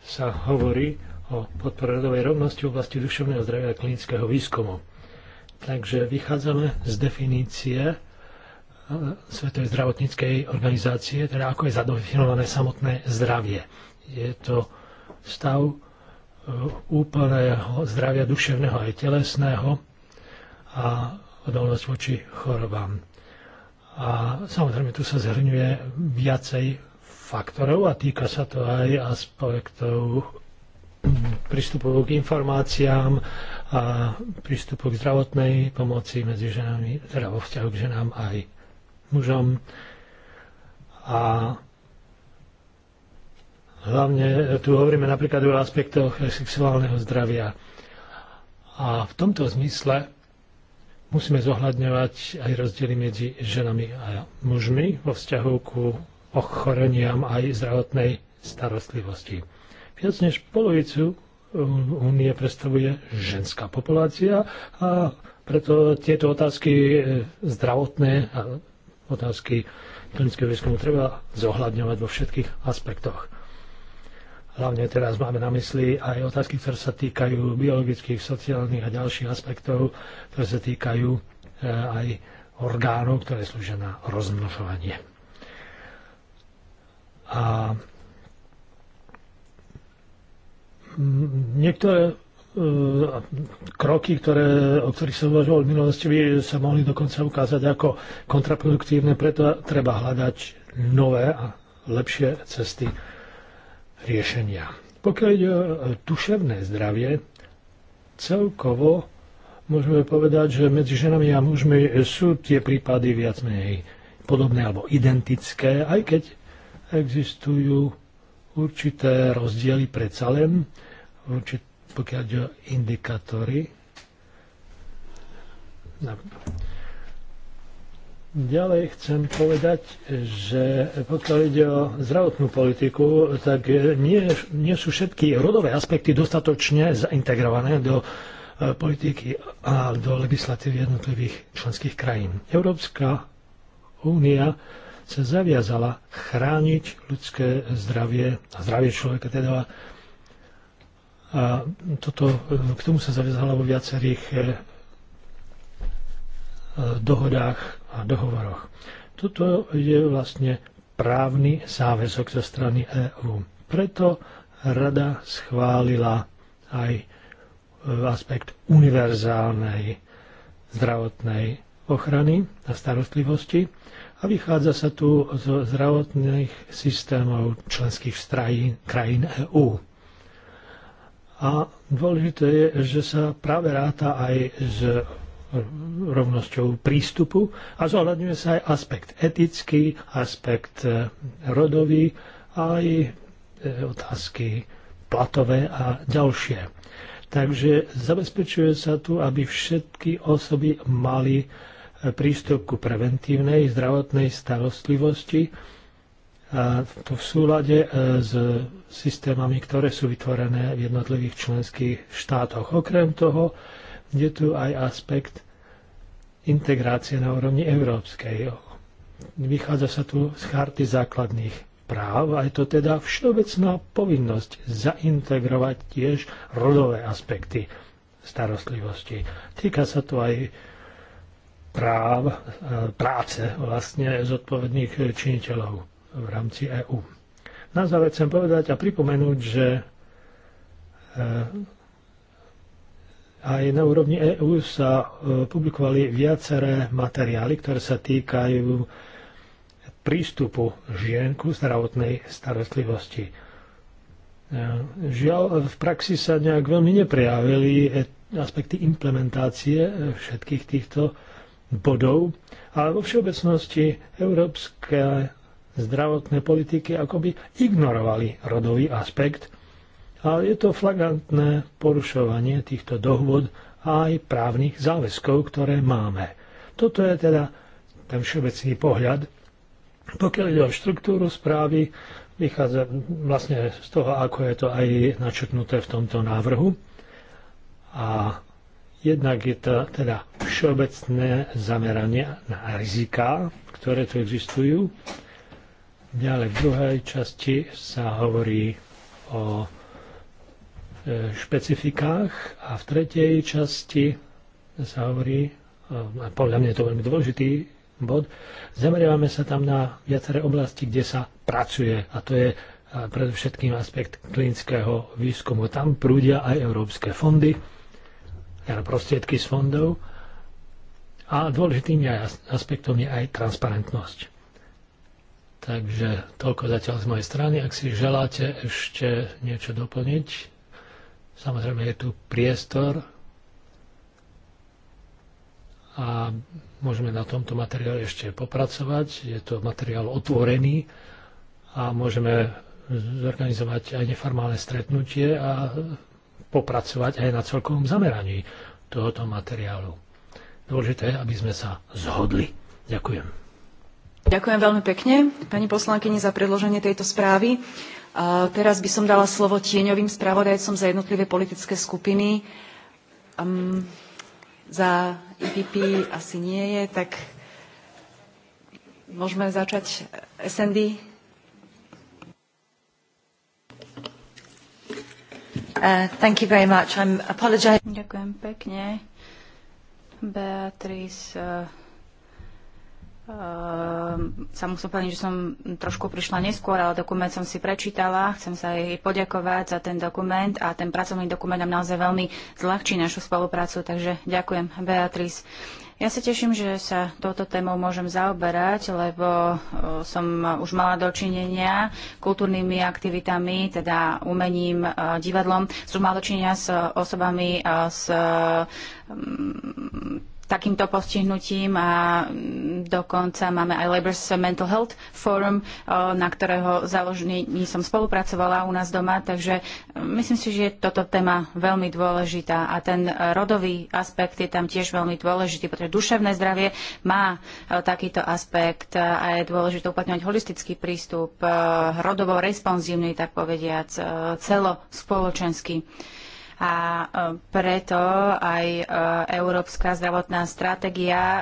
sa hovorí o podporadovej rovnosti v oblasti duševného zdravia a klinického výskumu. Takže vychádzame z definície Eh, Svetovej zdravotníckej organizácie, teda ako je zadefinované samotné zdravie. Je to stav eh, úplného zdravia duševného aj telesného a odolnosť voči chorobám. A samozrejme tu sa zhrňuje viacej faktorov a týka sa to aj aspektov prístupu k informáciám a prístupu k zdravotnej pomoci medzi ženami, teda vo vzťahu k ženám aj mužom a hlavne tu hovoríme napríklad o aspektoch sexuálneho zdravia. A v tomto zmysle musíme zohľadňovať aj rozdiely medzi ženami a mužmi vo vzťahu ku ochoreniam aj zdravotnej starostlivosti. Viac než polovicu únie predstavuje ženská populácia a preto tieto otázky e, zdravotné a otázky klinického výskumu treba zohľadňovať vo všetkých aspektoch. Hlavne teraz máme na mysli aj otázky, ktoré sa týkajú biologických, sociálnych a ďalších aspektov, ktoré sa týkajú e, aj orgánov, ktoré slúžia na rozmnožovanie. A niektoré Eh, kroky, ktoré, o ktorých som uvažoval v minulosti, by sa mohli dokonca ukázať ako kontraproduktívne, preto treba hľadať nové a lepšie cesty riešenia. Pokiaľ ide o eh, duševné zdravie, celkovo môžeme povedať, že medzi ženami a mužmi sú tie prípady viac menej podobné alebo identické, aj keď existujú určité rozdiely predsa len určité pokiaľ ide o indikátory. Ďalej chcem povedať, že pokiaľ ide o zdravotnú politiku, tak e, nie, nie sú všetky rodové aspekty dostatočne zaintegrované do e, politiky a do legislatívy jednotlivých členských krajín. Európska únia sa zaviazala chrániť ľudské zdravie a zdravie človeka teda a toto, e, k tomu sa zaviazala vo viacerých e, e, dohodách a dohovoroch. Toto je vlastne právny záväzok zo strany EÚ. Preto rada schválila aj aspekt univerzálnej zdravotnej ochrany a starostlivosti a vychádza sa tu zo zdravotných systémov členských strajín, krajín EÚ. A dôležité je, že sa práve ráta aj s rovnosťou prístupu a zohľadňuje sa aj aspekt etický, aspekt e, rodový, aj e, otázky platové a ďalšie. Takže zabezpečuje sa tu, aby všetky osoby mali e, prístup ku preventívnej zdravotnej starostlivosti to v súlade e, s systémami, ktoré sú vytvorené v jednotlivých členských štátoch. Okrem toho je tu aj aspekt integrácie na úrovni európskej. Vychádza sa tu z charty základných práv a je to teda všeobecná povinnosť zaintegrovať tiež rodové aspekty starostlivosti. Týka sa to aj práv, e, práce vlastne zodpovedných činiteľov v rámci EÚ. Na záver chcem povedať a pripomenúť, že eh, aj na úrovni EÚ sa eh, publikovali viaceré materiály, ktoré sa týkajú prístupu žien ku zdravotnej starostlivosti. Eh, žiaľ, v praxi sa nejak veľmi neprejavili aspekty implementácie všetkých týchto bodov, ale vo všeobecnosti európske zdravotné politiky akoby ignorovali rodový aspekt, ale je to flagrantné porušovanie týchto dohôd a aj právnych záväzkov, ktoré máme. Toto je teda ten všeobecný pohľad. Pokiaľ ide o štruktúru správy, vychádza vlastne z toho, ako je to aj načrtnuté v tomto návrhu. A jednak je to teda všeobecné zameranie na riziká, ktoré tu existujú. Ďalej v druhej časti sa hovorí o e, špecifikách a v tretej časti sa hovorí, a podľa mňa je to veľmi dôležitý bod, zameriavame sa tam na viaceré oblasti, kde sa pracuje a to je predovšetkým aspekt klinického výskumu. Tam prúdia aj európske fondy, prostriedky z fondov a dôležitým aspektom je aj transparentnosť. Takže toľko zatiaľ z mojej strany. Ak si želáte ešte niečo doplniť, samozrejme je tu priestor a môžeme na tomto materiále ešte popracovať. Je to materiál otvorený a môžeme zorganizovať aj neformálne stretnutie a popracovať aj na celkovom zameraní tohoto materiálu. Dôležité je, aby sme sa zhodli. Ďakujem. Ďakujem veľmi pekne pani poslankyni za predloženie tejto správy. teraz by som dala slovo tieňovým spravodajcom za jednotlivé politické skupiny. Um, za EPP asi nie je, tak môžeme začať SND. Uh, thank you very much. I'm apologize. Ďakujem pekne. Beatrice uh, Ehm, sa musím povedať, že som trošku prišla neskôr, ale dokument som si prečítala. Chcem sa jej poďakovať za ten dokument a ten pracovný dokument nám naozaj veľmi zľahčí našu spoluprácu, takže ďakujem, Beatrice. Ja sa teším, že sa touto témou môžem zaoberať, lebo e, som už mala dočinenia kultúrnymi aktivitami, teda umením, e, divadlom. Som mala dočinenia s osobami e, s mm, takýmto postihnutím a dokonca máme aj Labour's Mental Health Forum, eh, na ktorého založení som spolupracovala u nás doma, takže eh, myslím si, že je toto téma veľmi dôležitá a ten rodový aspekt je tam tiež veľmi dôležitý, pretože duševné zdravie má eh, takýto aspekt a je dôležité uplatňovať holistický prístup, rodovo responsívny, tak povediac, celospoločenský a e, preto aj e, Európska zdravotná stratégia e,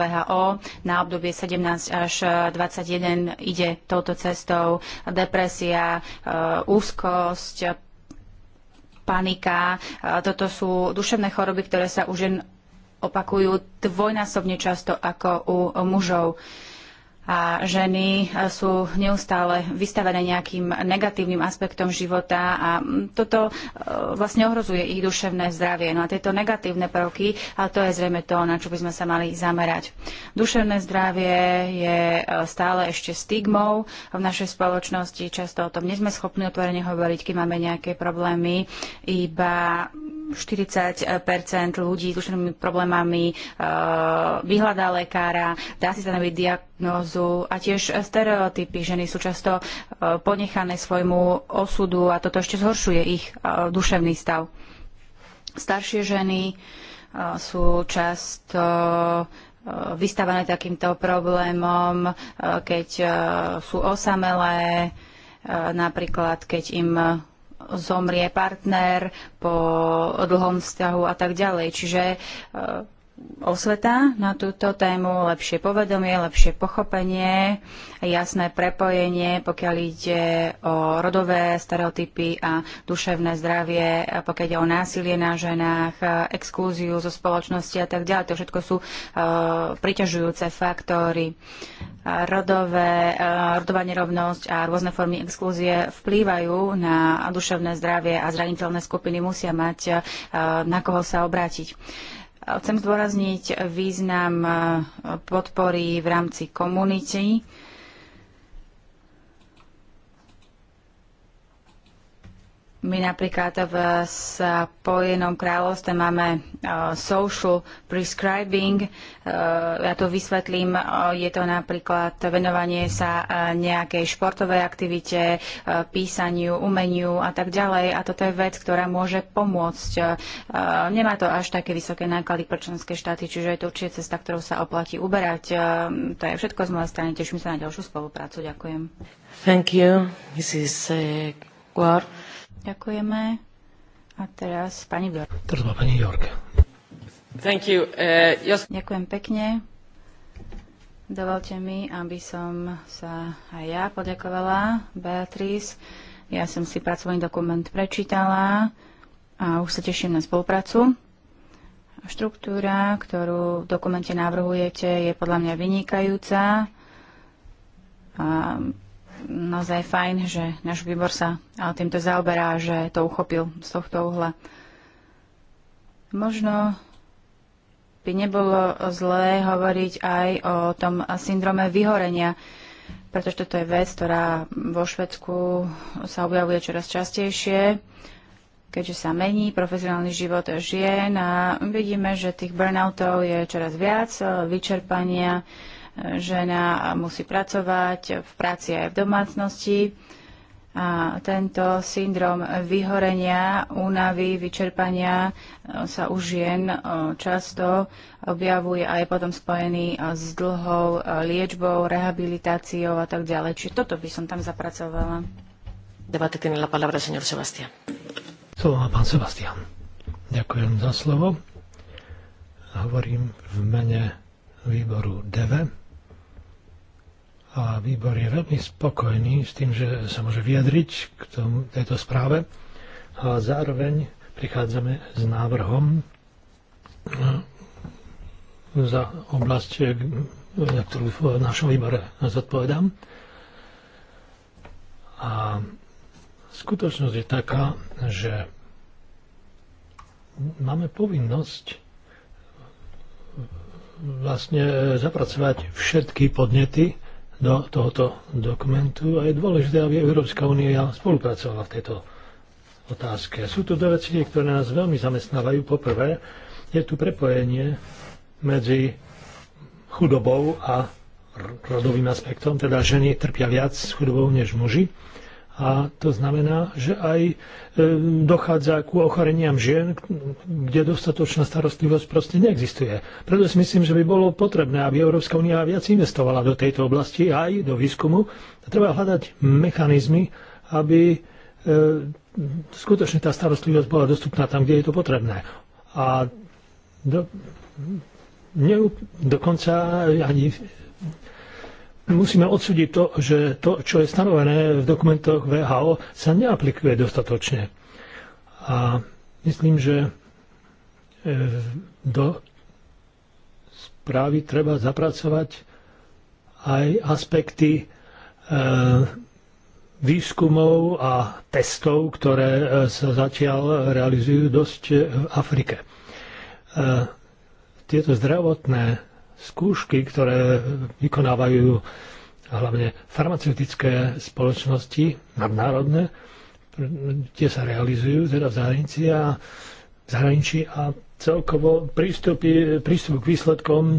VHO na obdobie 17 až 21 ide touto cestou. Depresia, úzkosť, panika, toto sú duševné choroby, ktoré sa už opakujú dvojnásobne často ako u mužov. Uh, a ženy e, sú neustále vystavené nejakým negatívnym aspektom života a mm, toto e, vlastne ohrozuje ich duševné zdravie. No a tieto negatívne prvky, ale to je zrejme to, na čo by sme sa mali zamerať. Duševné zdravie je e, stále ešte stigmou v našej spoločnosti. Často o tom nie sme schopní otvorene hovoriť, keď máme nejaké problémy. Iba 40 ľudí s duševnými problémami e, vyhľadá lekára, dá si stanoviť diagnózu a tiež stereotypy. Ženy sú často e, ponechané svojmu osudu a toto ešte zhoršuje ich e, duševný stav. Staršie ženy sú často vystavené takýmto problémom, keď sú osamelé, napríklad keď im zomrie partner po dlhom vzťahu a tak ďalej. Čiže osveta na túto tému, lepšie povedomie, lepšie pochopenie, jasné prepojenie, pokiaľ ide o rodové stereotypy a duševné zdravie, pokiaľ ide o násilie na ženách, exklúziu zo spoločnosti a tak ďalej. To všetko sú uh, priťažujúce faktory. Rodové, uh, rodová nerovnosť a rôzne formy exklúzie vplývajú na duševné zdravie a zraniteľné skupiny musia mať uh, na koho sa obrátiť. Chcem zdôrazniť význam eh, podpory v rámci komunity My napríklad v Spojenom kráľovstve máme uh, social prescribing. Uh, ja to vysvetlím. Uh, je to napríklad venovanie sa uh, nejakej športovej aktivite, uh, písaniu, umeniu a tak ďalej. A toto je vec, ktorá môže pomôcť. Uh, nemá to až také vysoké náklady pre členské štáty, čiže je to určite cesta, ktorou sa oplatí uberať. Uh, to je všetko z mojej strany. Teším sa na ďalšiu spoluprácu. Ďakujem. Thank you. This is, uh, Ďakujeme. A teraz pani Bjork. Teraz má pani Jork. Thank you. Uh, just... Ďakujem pekne. Dovolte mi, aby som sa aj ja poďakovala, Beatrice. Ja som si pracovný dokument prečítala a už sa teším na spoluprácu. Štruktúra, ktorú v dokumente navrhujete, je podľa mňa vynikajúca. A naozaj fajn, že náš výbor sa týmto zaoberá, že to uchopil z tohto uhla. Možno by nebolo zlé hovoriť aj o tom syndrome vyhorenia, pretože toto je vec, ktorá vo Švedsku sa objavuje čoraz častejšie, keďže sa mení profesionálny život žien a vidíme, že tých burnoutov je čoraz viac, vyčerpania, žena musí pracovať v práci aj v domácnosti. A tento syndrom vyhorenia, únavy, vyčerpania e, sa u žien e, často objavuje a je potom spojený e, s dlhou liečbou, rehabilitáciou a tak ďalej. Čiže toto by som tam zapracovala. Debate tiene la palabra señor Sebastián. Slovo má pán Sebastián. Ďakujem za slovo. Hovorím v mene výboru DEVE, a výbor je veľmi spokojný s tým, že sa môže vyjadriť k tomu, tejto správe a zároveň prichádzame s návrhom e, za oblasť, e, na ktorú v našom výbore zodpovedám. A skutočnosť je taká, že máme povinnosť vlastne zapracovať všetky podnety, do tohoto dokumentu a je dôležité, aby Európska únia spolupracovala v tejto otázke. Sú tu dve veci, ktoré nás veľmi zamestnávajú. Poprvé, je tu prepojenie medzi chudobou a rodovým aspektom, teda ženy trpia viac s chudobou než muži. A to znamená, že aj e, dochádza ku ochoreniam žien, kde dostatočná starostlivosť proste neexistuje. Preto si myslím, že by bolo potrebné, aby Európska únia viac investovala do tejto oblasti, aj do výskumu. A treba hľadať mechanizmy, aby e, skutočne tá starostlivosť bola dostupná tam, kde je to potrebné. A do, ne, dokonca ani musíme odsúdiť to, že to, čo je stanovené v dokumentoch VHO, sa neaplikuje dostatočne. A myslím, že e, do správy treba zapracovať aj aspekty e, výskumov a testov, ktoré e, sa zatiaľ realizujú dosť v Afrike. Tieto zdravotné skúšky, ktoré vykonávajú hlavne farmaceutické spoločnosti nadnárodné, tie sa realizujú teda v zahraničí a, v zahraničí a celkovo prístup, prístup k výsledkom e,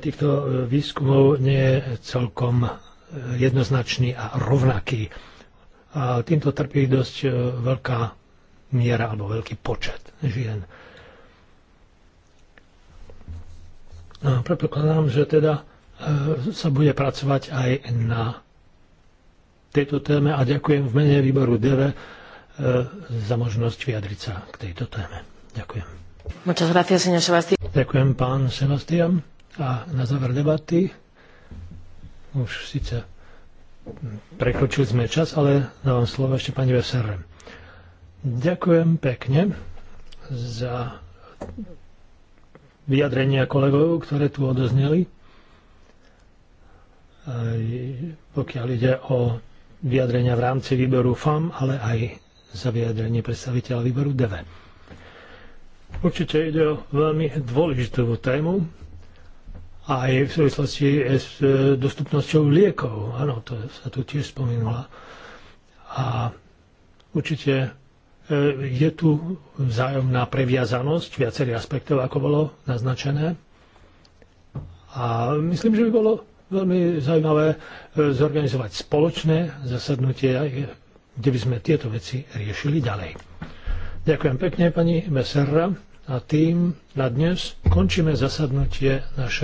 týchto e, výskumov nie je celkom e, jednoznačný a rovnaký. A týmto trpí dosť veľká miera alebo veľký počet žien. No a predpokladám, že teda e, sa bude pracovať aj na tejto téme a ďakujem v mene výboru DV e, za možnosť vyjadriť sa k tejto téme. Ďakujem. Muchas gracias, señor Sebastián. Ďakujem, pán Sebastián. A na záver debaty už síce prekročili sme čas, ale dávam slovo ešte pani Veserre. Ďakujem pekne za vyjadrenia kolegov, ktoré tu odozneli. Aj pokiaľ ide o vyjadrenia v rámci výboru FAM, ale aj za vyjadrenie predstaviteľa výboru DV. Určite ide o veľmi dôležitú tému, aj v súvislosti s e, dostupnosťou liekov. Áno, to sa tu tiež spomínala. A určite E, je tu vzájomná previazanosť viacerých aspektov, ako bolo naznačené. A myslím, že by bolo veľmi zaujímavé e, zorganizovať spoločné zasadnutie, kde by sme tieto veci riešili ďalej. Ďakujem pekne pani Meserra. a tým na dnes končíme zasadnutie naše.